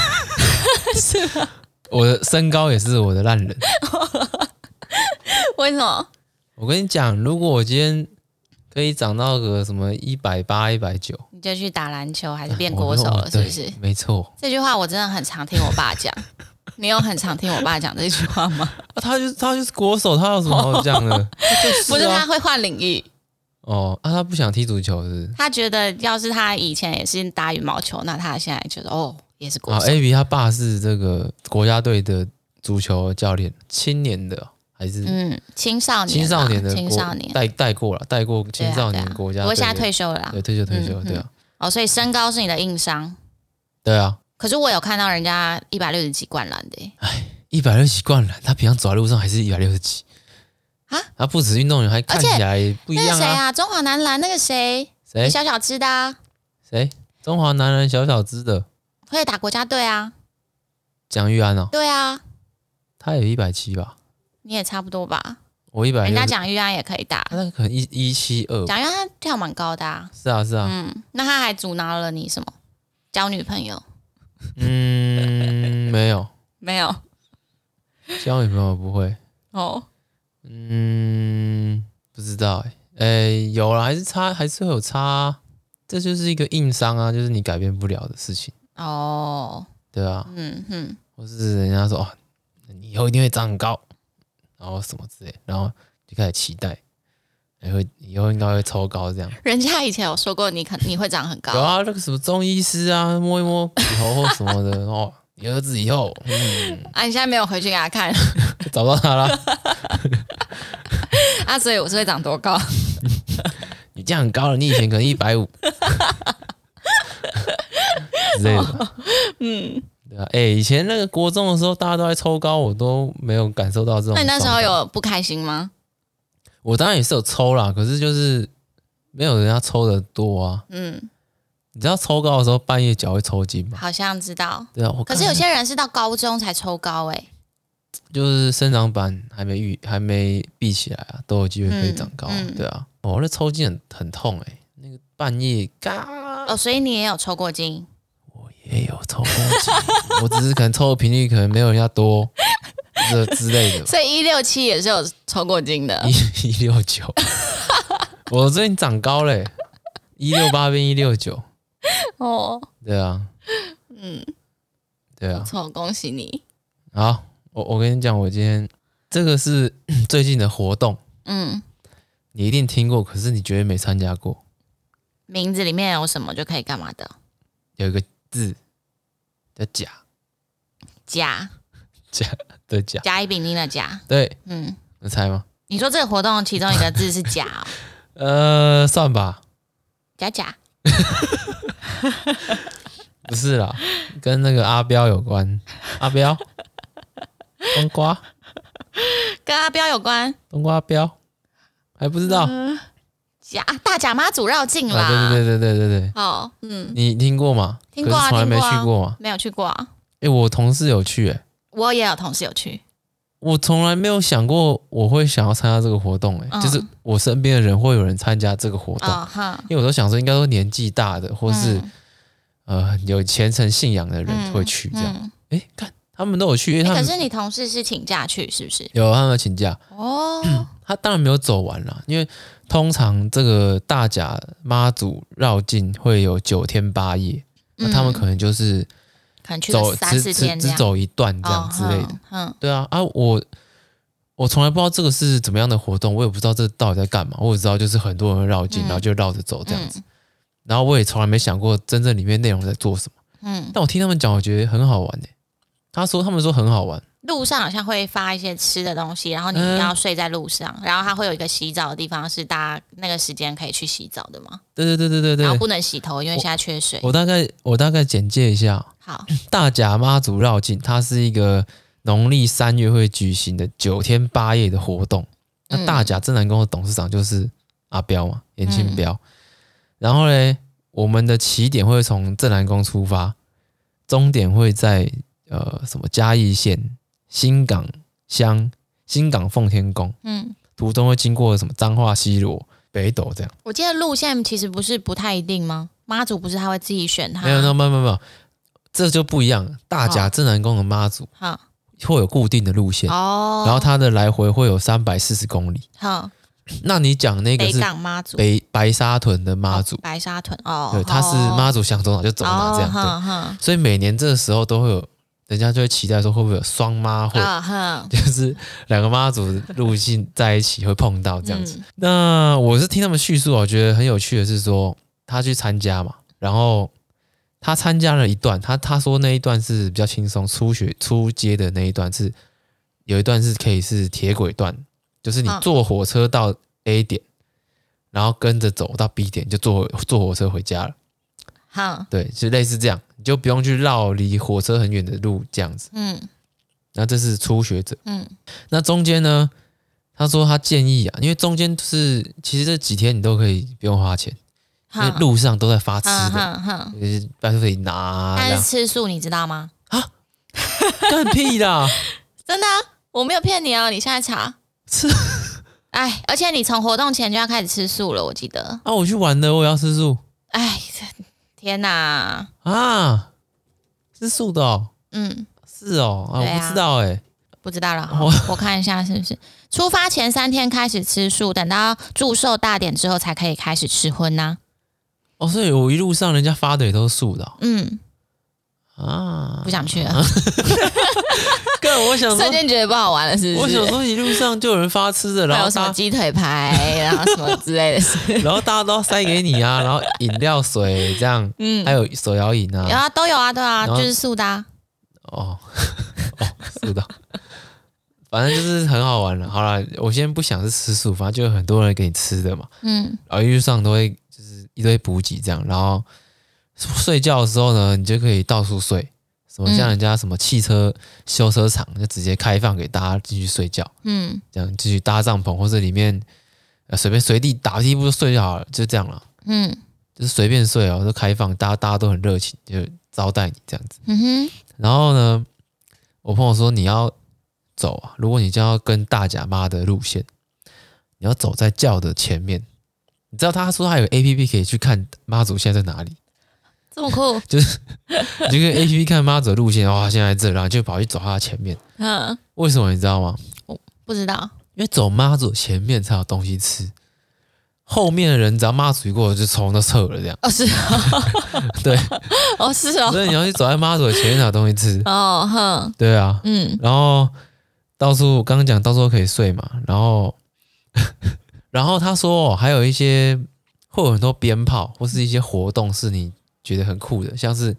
是嗎。 我的身高也是我的爛人， 為什麼？我跟你講，如果我今天可以長到個什麼一百八、一百九，你就去打籃球還是變國手了，是不是？沒錯。這句話我真的很常聽我爸講， 你有很常聽我爸講這句話嗎？啊、他就他就是國手，他有什麼好講的？oh, 啊？不是，他會換領域。哦、啊，那他不想踢足球是不是？他覺得，要是他以前也是打羽毛球，那他現在覺得哦。也是國啊 AB 他爸是這個國家隊的足球教練，青年的還是嗯青少年、青少年的青少年帶帶過了帶過青少年國家隊的對啊對啊，不過現在退休了啦對退休、退休、嗯、對啊哦，所以身高是你的硬傷，對啊，可是我有看到人家一百六十幾灌籃的，欸，哎一百六十幾灌籃，他平常走在路上還是一百六十幾啊，他不止運動員，還看起來不一樣啊，中華男籃那個誰誰，啊那個、小小隻的誰、啊、中華男人小小隻的。可以打國家隊啊，蔣玉安哦、喔，對啊，他也有一百七吧？你也差不多吧？我一百，人家蔣玉安也可以打，他、啊，那個，可能一一七二，蔣玉安跳蠻高的啊。是啊，是啊，嗯，那他還阻撓了你什麼？交女朋友？嗯， 沒有，沒有，交女朋友不會哦。Oh. 嗯，不知道哎、欸，哎、欸，有了還是差，還是會有差、啊，這就是一個硬傷啊，就是你改變不了的事情。哦、oh,，對啊，嗯哼、嗯，或是人家說哦，你以後一定會長很高，然後什麼之類，然後就開始期待，然後以後應該會超高這樣。人家以前有說過，你可，你會長很高，有啊，那個什麼中醫師啊，摸一摸骨頭或什麼的， 哦，你兒子以後，嗯，啊，你現在沒有回去給他看， 找到他了， 啊，所以我是會長多高？ 你這樣高了，你以前可能一百五。 的啊，欸、以前那個國中的時候，大家都在抽高，我都沒有感受到這種。那你那時候有不開心嗎？我當然也是有抽啦，可是就是沒有人家抽的多啊。嗯，你知道抽高的時候半夜腳會抽筋嗎？好像知道。對啊，可是有些人是到高中才抽高，欸，就是生長板還沒愈還沒閉起來啊，都有機會可以長高。嗯嗯、對啊，我，哦，那抽筋很很痛，欸，那個半夜嘎。哦，所以你也有抽過筋。也有抽過筋，超 我只是可能抽的頻率可能沒有人家多，這 之類的。所以一六七也是有抽過筋的，一一六九。我最近長高嘞，一六八跟一六九。哦，對啊，嗯，對啊。不錯，恭喜你。好，我我跟你講，我今天這個是最近的活動，嗯，你一定聽過，可是你絕對沒參加過。名字裡面有什麼就可以幹嘛的？有一個。字的甲，甲甲的甲，甲乙丙丁的甲，對，嗯，你猜嗎？你說這個活動其中一個字是甲，哦， 呃，算吧，甲甲， 不是啦，跟那個阿彪有關，阿彪冬瓜，跟阿彪有關，冬瓜阿彪，還不知道。嗯啊、大甲媽祖繞境啦、啊！對對對對對對哦，好，嗯，你聽過嗎？聽過啊，從來沒去過嗎、啊啊、沒有去過啊。哎、欸，我同事有去、欸，哎，我也有同事有去。我從來沒有想過我會想要參加，、欸嗯就是、加這個活動，哎，就是我身邊的人會有人參加這個活動，哈。因為我都想說，應該都年紀大的，或是、嗯、呃有虔誠信仰的人會去這樣。哎、嗯，看、嗯欸、他們都有去，因為他們、欸。可是你同事是請假去，是不是？有，他們請假。哦。他當然沒有走完了，因為。通常這個大甲媽祖繞境會有九天八夜，嗯、那他們可能就是走只只只走一段這樣之類的。哦、嗯、嗯，對啊啊，我我從來不知道這個是怎麼樣的活動，我也不知道這到底在幹嘛。我只知道就是很多人會繞境、嗯，然後就繞着走這樣子。嗯、然後我也從來沒想過真正裡面內容在做什麼。嗯，但我聽他們講，我覺得很好玩誒。他說他們說很好玩。路上好像會發一些吃的東西，然後你一定要睡在路上，嗯、然後它會有一個洗澡的地方，是大家那個時間可以去洗澡的嗎？對對對對對對，然後不能洗頭，因為現在缺水。我，我大概我大概簡介一下，好，大甲媽祖繞境，它是一個農曆三月會舉行的九天八夜的活動。嗯、那大甲鎮瀾宮的董事長就是阿彪嘛，顏清標、嗯。然後呢，我們的起點會從鎮瀾宮出發，終點會在呃什麼嘉義縣。新港鄉、新港奉天宮，嗯，途中會經過什麼彰化西螺、北斗這樣。我記得路線其實不是不太一定嗎？媽祖不是他會自己選他，他沒有，沒有，沒有，沒有，這就不一樣。大甲鎮瀾宮的媽祖，哈會有固定的路線哦。然後它的來回會有三百四十公里。哈、哦、那你講那個是北白沙屯的媽祖、哦，白沙屯哦，對，他是媽祖想走哪就走哪這樣、哦呵呵對，所以每年這個時候都會有。人家就會期待說，會不會有雙媽會，oh, huh. 就是兩個媽祖的路徑在一起會碰到這樣子。 嗯。那我是聽他們敘述，我覺得很有趣的是說他去參加嘛，然後他參加了一段，他他說那一段是比較輕鬆，初學初階的那一段是有一段是可以是鐵軌段，就是你坐火車到 A 點，oh. 然後跟着走到 B 點就坐坐火車回家了。好、huh. 對，就類似這樣，你就不用去繞離火車很遠的路，這樣子。嗯，那這是初學者。嗯，那中間呢？他說他建議啊，因為中間是其實這幾天你都可以不用花錢，huh. 因為路上都在發吃的，呃、huh. huh.，拜可以拿。但是吃素你知道嗎？啊，很 屁的啦， 真的、啊，我沒有騙你哦，你現在查。吃，哎， 而且你從活動前就要開始吃素了，我記得。啊，我去玩了，我也要吃素。哎。真的天吶！啊，是素的，哦？嗯，是哦，啊，我、啊、不知道哎，欸，不知道了。我我看一下是不是 出發前三天開始吃素，等到祝壽大典之後才可以開始吃葷呢、啊？哦，所以我一路上人家發的也都是素的，哦。嗯。啊，不想去了。哥、啊， 我想說，瞬間覺得不好玩了，是不是？我想說，一路上就有人發吃的，然後還有什麼雞腿排，然後什麼之類的事。 然後大家都塞給你啊，然後飲料水這樣，嗯，還有手搖飲啊，有啊，都有啊，對啊，就是素的、啊。哦，哦，素的， 反正就是很好玩了、啊。好了，我現在不想是吃素，反正就有很多人給你吃的嘛。嗯，然後一路上都會就是一堆補給這樣，然後。睡覺的時候呢，你就可以到處睡。什麼像人家什麼汽車、嗯、修車廠，就直接開放給大家進去睡覺。嗯，這樣進去搭帳篷或者裡面、呃、隨便隨地打地鋪就睡就好了，就這樣了。嗯，就是隨便睡哦，就開放，大家大家都很熱情，就招待你這樣子。嗯哼。然後呢，我朋友說，你要走啊，如果你就要跟大甲媽的路線，你要走在轎的前面。你知道他說他有 APP 可以去看媽祖現在在哪裡。這麼酷， 就是你就可以 A P P 看媽祖的路線，哇、哦，現在，在這，然後就跑去走它前面。嗯，為什麼你知道嗎？我不知道，因為走媽祖前面才有東西吃，後面的人只要媽祖一過，就從那撤了這樣。哦，是哦， 對，哦，是哦。所以你要去走在媽祖前面找東西吃。哦，哼、嗯，對啊，嗯。然後到處我剛剛講到處都可以睡嘛，然後 然後他說還有一些會有很多鞭炮或是一些活動是你，覺得很酷的，像是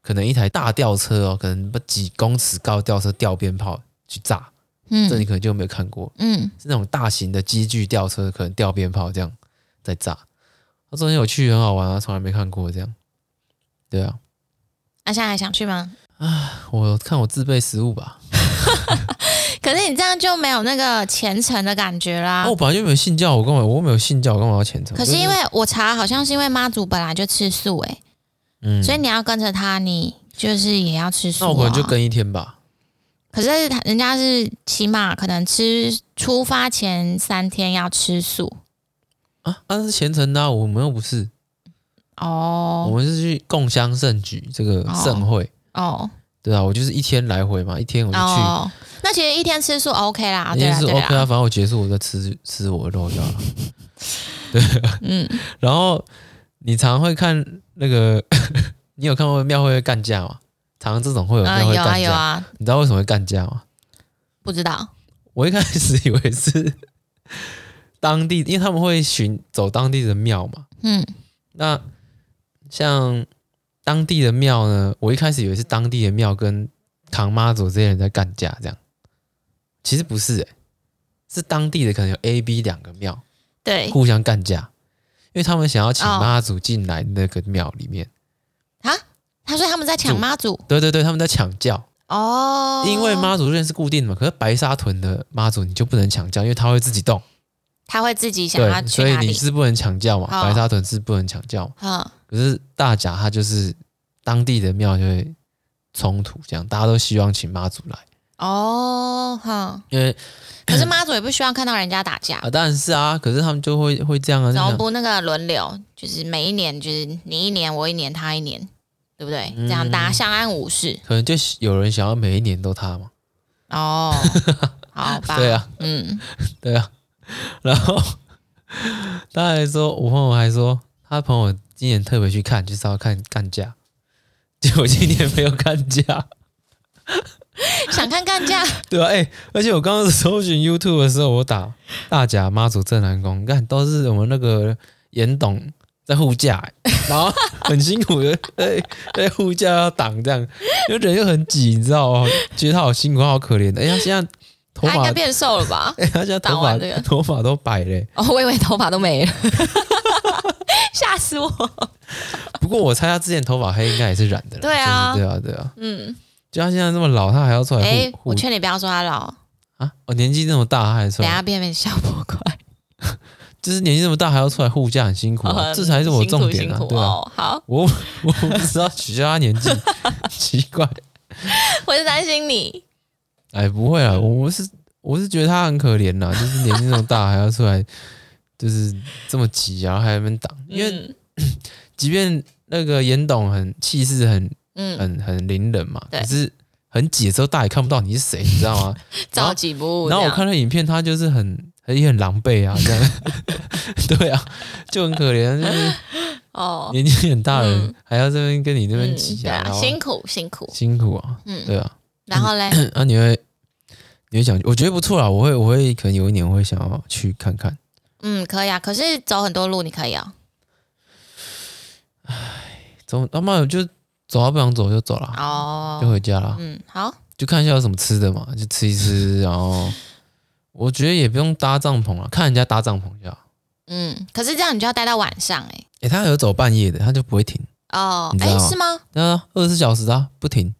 可能一台大吊車哦，可能幾公尺高吊車吊鞭炮去炸，嗯，這你可能就沒有看過，嗯，是那種大型的機具吊車，可能吊鞭炮這樣在炸，他說很有趣很好玩啊，從來沒看過這樣，對啊，那、啊、現在還想去嗎？啊，我看我自備食物吧。 可是你這樣就沒有那個虔誠的感覺啦、啊。我本來就沒有信教，我根本我又沒有信教，我幹嘛要虔誠？可是因為我查，就是、我查好像是因為媽祖本來就吃素、欸，誒嗯、所以你要跟着他，你就是也要吃素、哦。那我可能就跟一天吧。可是他人家是起碼可能吃出發前三天要吃素啊，那、啊、是虔誠的、啊，我們又不是。哦、oh.。我們是去共襄盛舉這個盛會。哦、oh. oh.。對啊，我就是一天來回嘛，一天我就去。Oh. 那其實一天吃素 OK 啦，一天是 OK 啊，反正我結束我再吃吃我的肉就好 了。對。嗯， 然後。你常，常會看那個，你有看過廟會會幹架嗎？常，常這種會有廟會幹架，呃、有啊，有啊。你知道為什麼會幹架嗎？不知道。我一開始以為是當地，因為他們會巡走當地的廟嘛。嗯。那像當地的廟呢，我一開始以為是當地的廟跟扛媽祖這些人在幹架，這樣。其實不是、欸，誒，是當地的可能有 A、B 兩個廟，對，互相幹架。因為他們想要請媽祖進來那個廟裡面啊、oh.，他說他們在搶媽祖，對對對，他們在搶轎。哦、oh.，因為媽祖這邊是固定的嘛，可是，白沙屯的媽祖你就不能搶轎，因為他會自己動，他會自己想要對，所以你是不能搶轎嘛，oh. 白沙屯是不能搶轎。啊、oh.，可是大甲他就是當地的廟就會衝突，這樣大家都希望請媽祖來。哦，哈，因為可是媽祖也不希望看到人家打架啊，當然是啊，可是他們就會會這樣啊，然後不那個輪流，就是每一年就是你一年我一年他一年，對不對？嗯、這樣大家相安無事。可能就有人想要每一年都他嘛。哦、oh, 好,好吧。對啊，嗯，對啊，然後當然說，我朋友還說，他朋友今年特別去看，就是要看幹架，結果今年沒有幹架。 想看幹架，對啊。哎、欸，而且我剛剛搜尋 YouTube 的時候，我打“大甲媽祖鎮瀾宮”，你看都是我們那個顏董在護駕，然後很辛苦的在，哎哎護駕要擋這樣，人就人又很擠，你知道嗎？覺得他好辛苦，好可憐的。哎、欸，他現在頭髮變瘦了吧？哎、欸，他現在頭髮對啊，頭髮都白了。哦，我以為頭髮都沒了，嚇 死我！不過我猜他之前頭髮黑，應該也是染的。對啊，就是、對啊，對啊。嗯。就他現在這麼老，他還要出來護、欸、我勸你不要說他老啊！我年紀那麼大，他還出來。等下別被笑破，怪就是年紀這麼大，還要出來護駕，很辛苦。這才是我重點啊！對啊，好，我我不知道取消他年紀，奇怪。我是擔心你。哎，不會啊，我是我是覺得他很可憐吶，就是年紀那麼大，還要出來、啊，就是這麼擠，然後還在那邊擋，因為、嗯、即便那個顏董很氣勢很。嗯，很很凌人嘛，可是很擠的時候，大家也看不到你是誰，你知道嗎？着幾步。然後我看了影片，他就是很很很狼狽啊，這樣。啊 對啊，就很可憐，就 是哦，年紀很大的、嗯，還要這邊跟你這邊擠啊，辛苦辛苦辛苦啊，嗯，對啊。然後嘞、啊，那、啊啊 啊、你會你會想，我覺得不錯啦，我會我會可能有一年我會想要去看看。嗯，可以啊，可是走很多路，你可以啊、喔。唉，走那麼就。走啊，不想走就走了，哦，就回家了。嗯，好，就看一下有什麼吃的嘛，就吃一吃。然後我覺得也不用搭帳篷了，看人家搭帳篷就好。嗯，可是這樣你就要待到晚上誒、欸。誒、欸，他有走半夜的，他就不會停。哦，誒、欸，是嗎？那二十四小時啊，不停。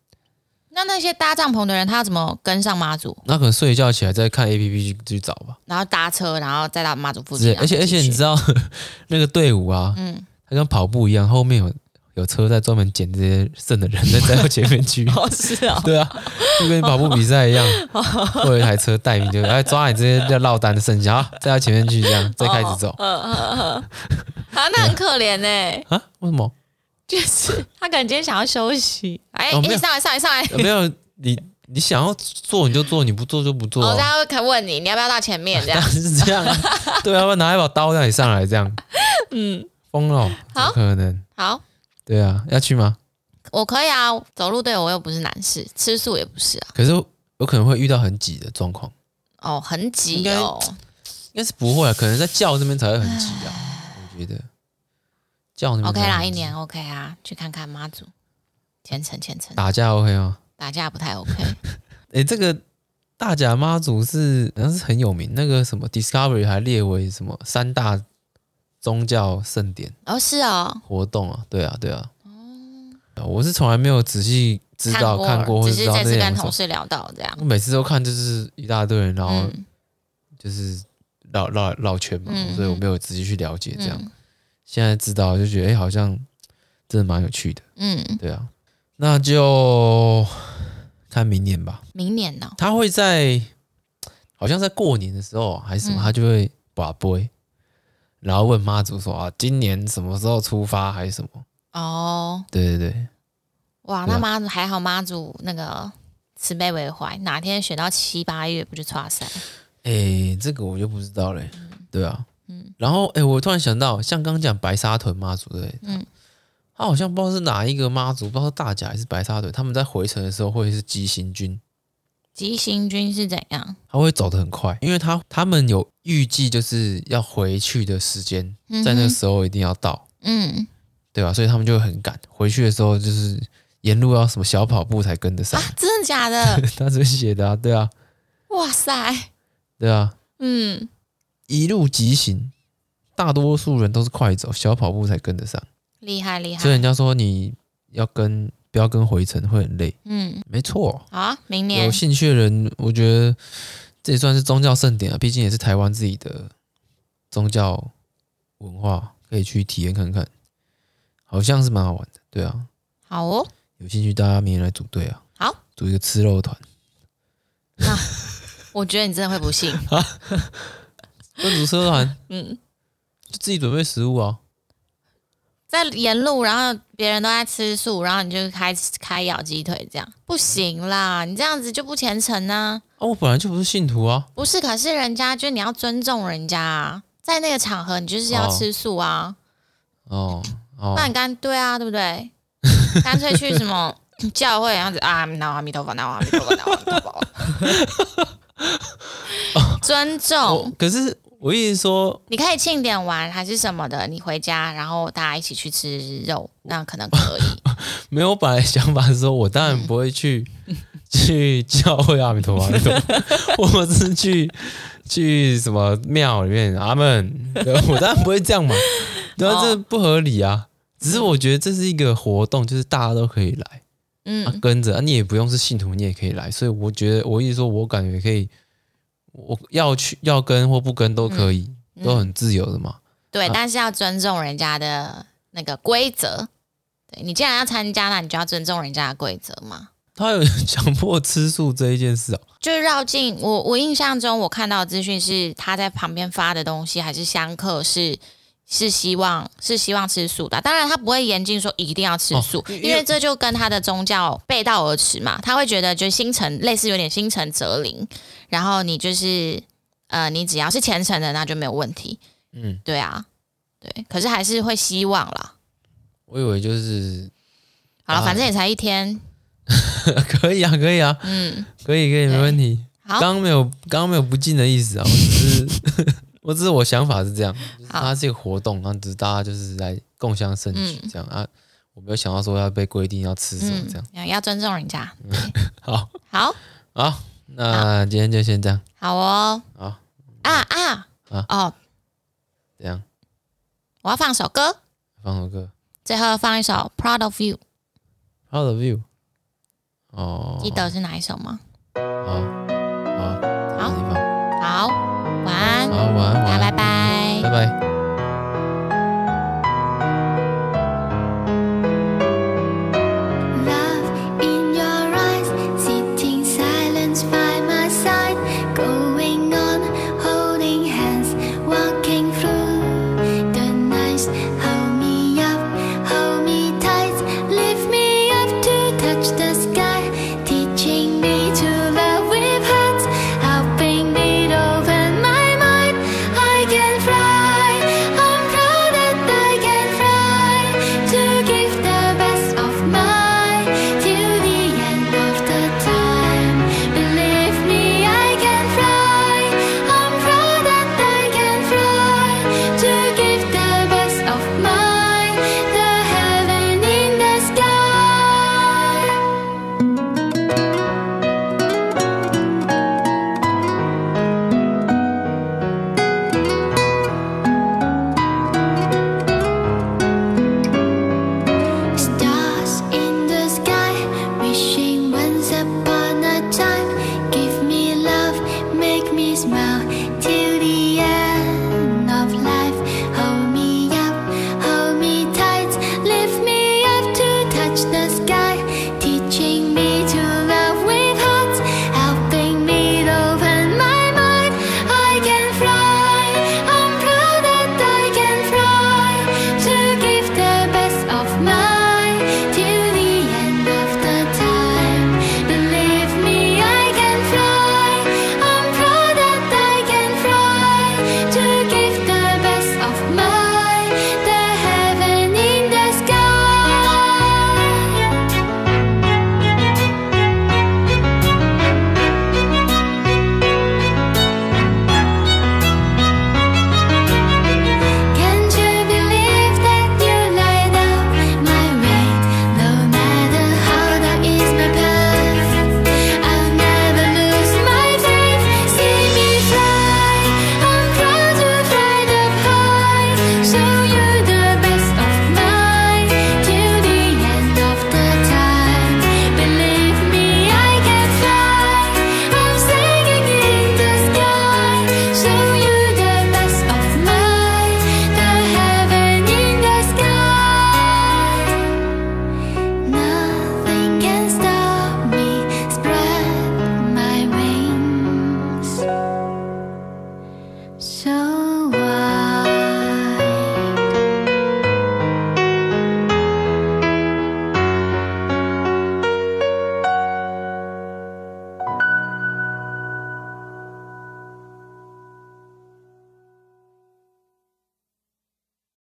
那那些搭帳篷的人，他要怎麼跟上媽祖？那可能睡一覺起來再看 A P P 去去找吧。然後搭車，然後再到媽祖附近。而且而且你知道 那個隊伍啊，嗯，他跟跑步一樣，後面有。有車在專門撿這些剩的人，再帶到前面去、 哦。好是啊、哦，對啊，就跟跑步比賽一樣，會有 一台車帶你就來抓你這些要落單的剩下，啊，帶到前面去這樣，再開始走。嗯嗯嗯，哦哦哦哦、 啊，那很可憐哎、欸。啊？為什麼？就是他感覺想要休息。哎、欸，你、哦、上來，上來，上來。有、哦、沒有，你你想要做你就做，你不做就不做、啊。我剛剛問你，你要不要到前面這樣？ 是這樣啊。對啊，我 拿一把刀讓你上來這樣。嗯，瘋了，不可能。好。對啊，要去嗎？我可以啊，走路對我又不是難事，吃素也不是啊。可是有可能會遇到很擠的狀況。哦，很擠、哦，哦，應該是不會啊，可能在叫這邊才會很擠啊。我覺得叫那邊 OK 啦，一年 OK 啊，去看看媽祖，虔誠虔誠，虔誠。打架 OK 嗎、哦？打架不太 OK。哎 欸，這個大甲媽祖是，好像是很有名，那個什麼 Discovery 還列為什麼三大。.宗教盛典、啊、哦，是啊，活動啊，對啊，對啊、哦，我是從來沒有仔細知道、看過，看過或者知道，只是再次跟同事聊到這樣，我每次都看就是一大堆人，然後就是繞繞繞，繞圈嘛、嗯，所以我沒有仔細去了解這樣。嗯、現在知道就覺得哎、欸，好像真的蠻有趣的，嗯，對啊，那就看明年吧。明年呢、哦？他會在好像在過年的時候還是什麼、嗯，他就會拔杯。然後問媽祖說：“啊，今年什麼時候出發還是什麼？”哦、oh.，對對對，哇，那媽、啊、還好媽祖那個慈悲為懷，哪天選到七八月不就差三？哎、欸，這個我就不知道嘞。對啊，嗯，然後哎、欸，我突然想到，像剛剛講白沙屯媽祖對，嗯，他好像不知道是哪一個媽祖，不知道是大甲還是白沙屯，他們在回程的時候會是急行軍。急行軍是怎樣？他會走得很快，因為他他們有預計就是要回去的時間，嗯，在那個時候一定要到，嗯，對吧？所以他們就會很趕，回去的時候，就是沿路要什麼小跑步才跟得上。啊、真的假的？ 他這邊寫的啊？對啊，哇塞，對啊，嗯，一路急行，大多數人都是快走，小跑步才跟得上，厲害厲害。所以人家說你要跟。不要跟，回程會很累。嗯，沒錯。好、啊，明年有興趣的人，我覺得這也算是宗教盛典啊，畢竟也是台灣自己的宗教文化，可以去體驗看看，好像是蠻好玩的。對啊，好哦，有興趣大家明年來組隊啊。好，組一個吃肉團。啊，我覺得你真的會不信。哈 哈、啊，組吃肉團，嗯，就自己準備食物啊。在沿路，然後別人都在吃素，然後你就開始開咬雞腿，這樣不行啦！你這樣子就不虔誠呢、啊。啊，我本來就不是信徒啊。不是，可是人家就你要尊重人家、啊，在那個場合你就是要吃素啊。哦、oh. oh.，那你乾對啊，對不對？乾脆去什麼教會， 樣子啊，南無阿彌陀佛，南無阿彌陀佛，南無阿彌陀佛。 oh. 尊重、oh.，可是。我意思說，你可以慶典完還是什麼的，你回家，然後大家一起去吃肉，那可能可以。 沒有，我本來想法是說，我當然不會去、嗯、去教會阿、啊、彌陀佛、啊、彌陀佛，我 我是去去什麼廟裡面，阿門。我當然不會這樣嘛，主要這不合理啊、哦。只是我覺得這是一個活動，嗯、就是大家都可以來，嗯，啊、跟着、啊、你也不用是信徒，你也可以來。所以我覺得，我意思說我感覺可以。我要去，要跟或不跟都可以，嗯嗯、都很自由的嘛。對、啊，但是要尊重人家的那個規則。對，你既然要參加，那你就要尊重人家的規則嘛。他有人強迫吃素這一件事啊？就是遶境我，我印象中我看到的資訊是他在旁邊發的東西，還是香客是。是希望是希望吃素的，啊，當然他不會嚴禁說，一定要吃素，哦，因為這就跟他的宗教背道而馳嘛。他會覺得就心誠，類似有點心誠則靈，然後你就是呃，你只要是虔誠的，那就沒有問題。嗯，對啊，對，可是還是會希望啦。我以為就是好了，反正也才一天， 可以啊，可以啊，嗯，可以可以沒問題。好，剛剛沒有剛剛沒有不敬的意思啊，我只是。 我只是我想法是這樣，就是、它是一個活動，然後只是大家就是來共襄盛舉這樣、嗯、啊，我沒有想到說要被規定要吃什麼這樣，嗯、要尊重人家。 好好好,好，那好今天就先這樣。好哦。好啊啊啊,啊,啊哦，這樣？我要放首歌。放首歌。最後放一首《Proud of You》。Proud of You。哦。記得是哪一首嗎？好，好，好。好好好晚安，晚安，晚安，拜拜，拜拜。拜拜。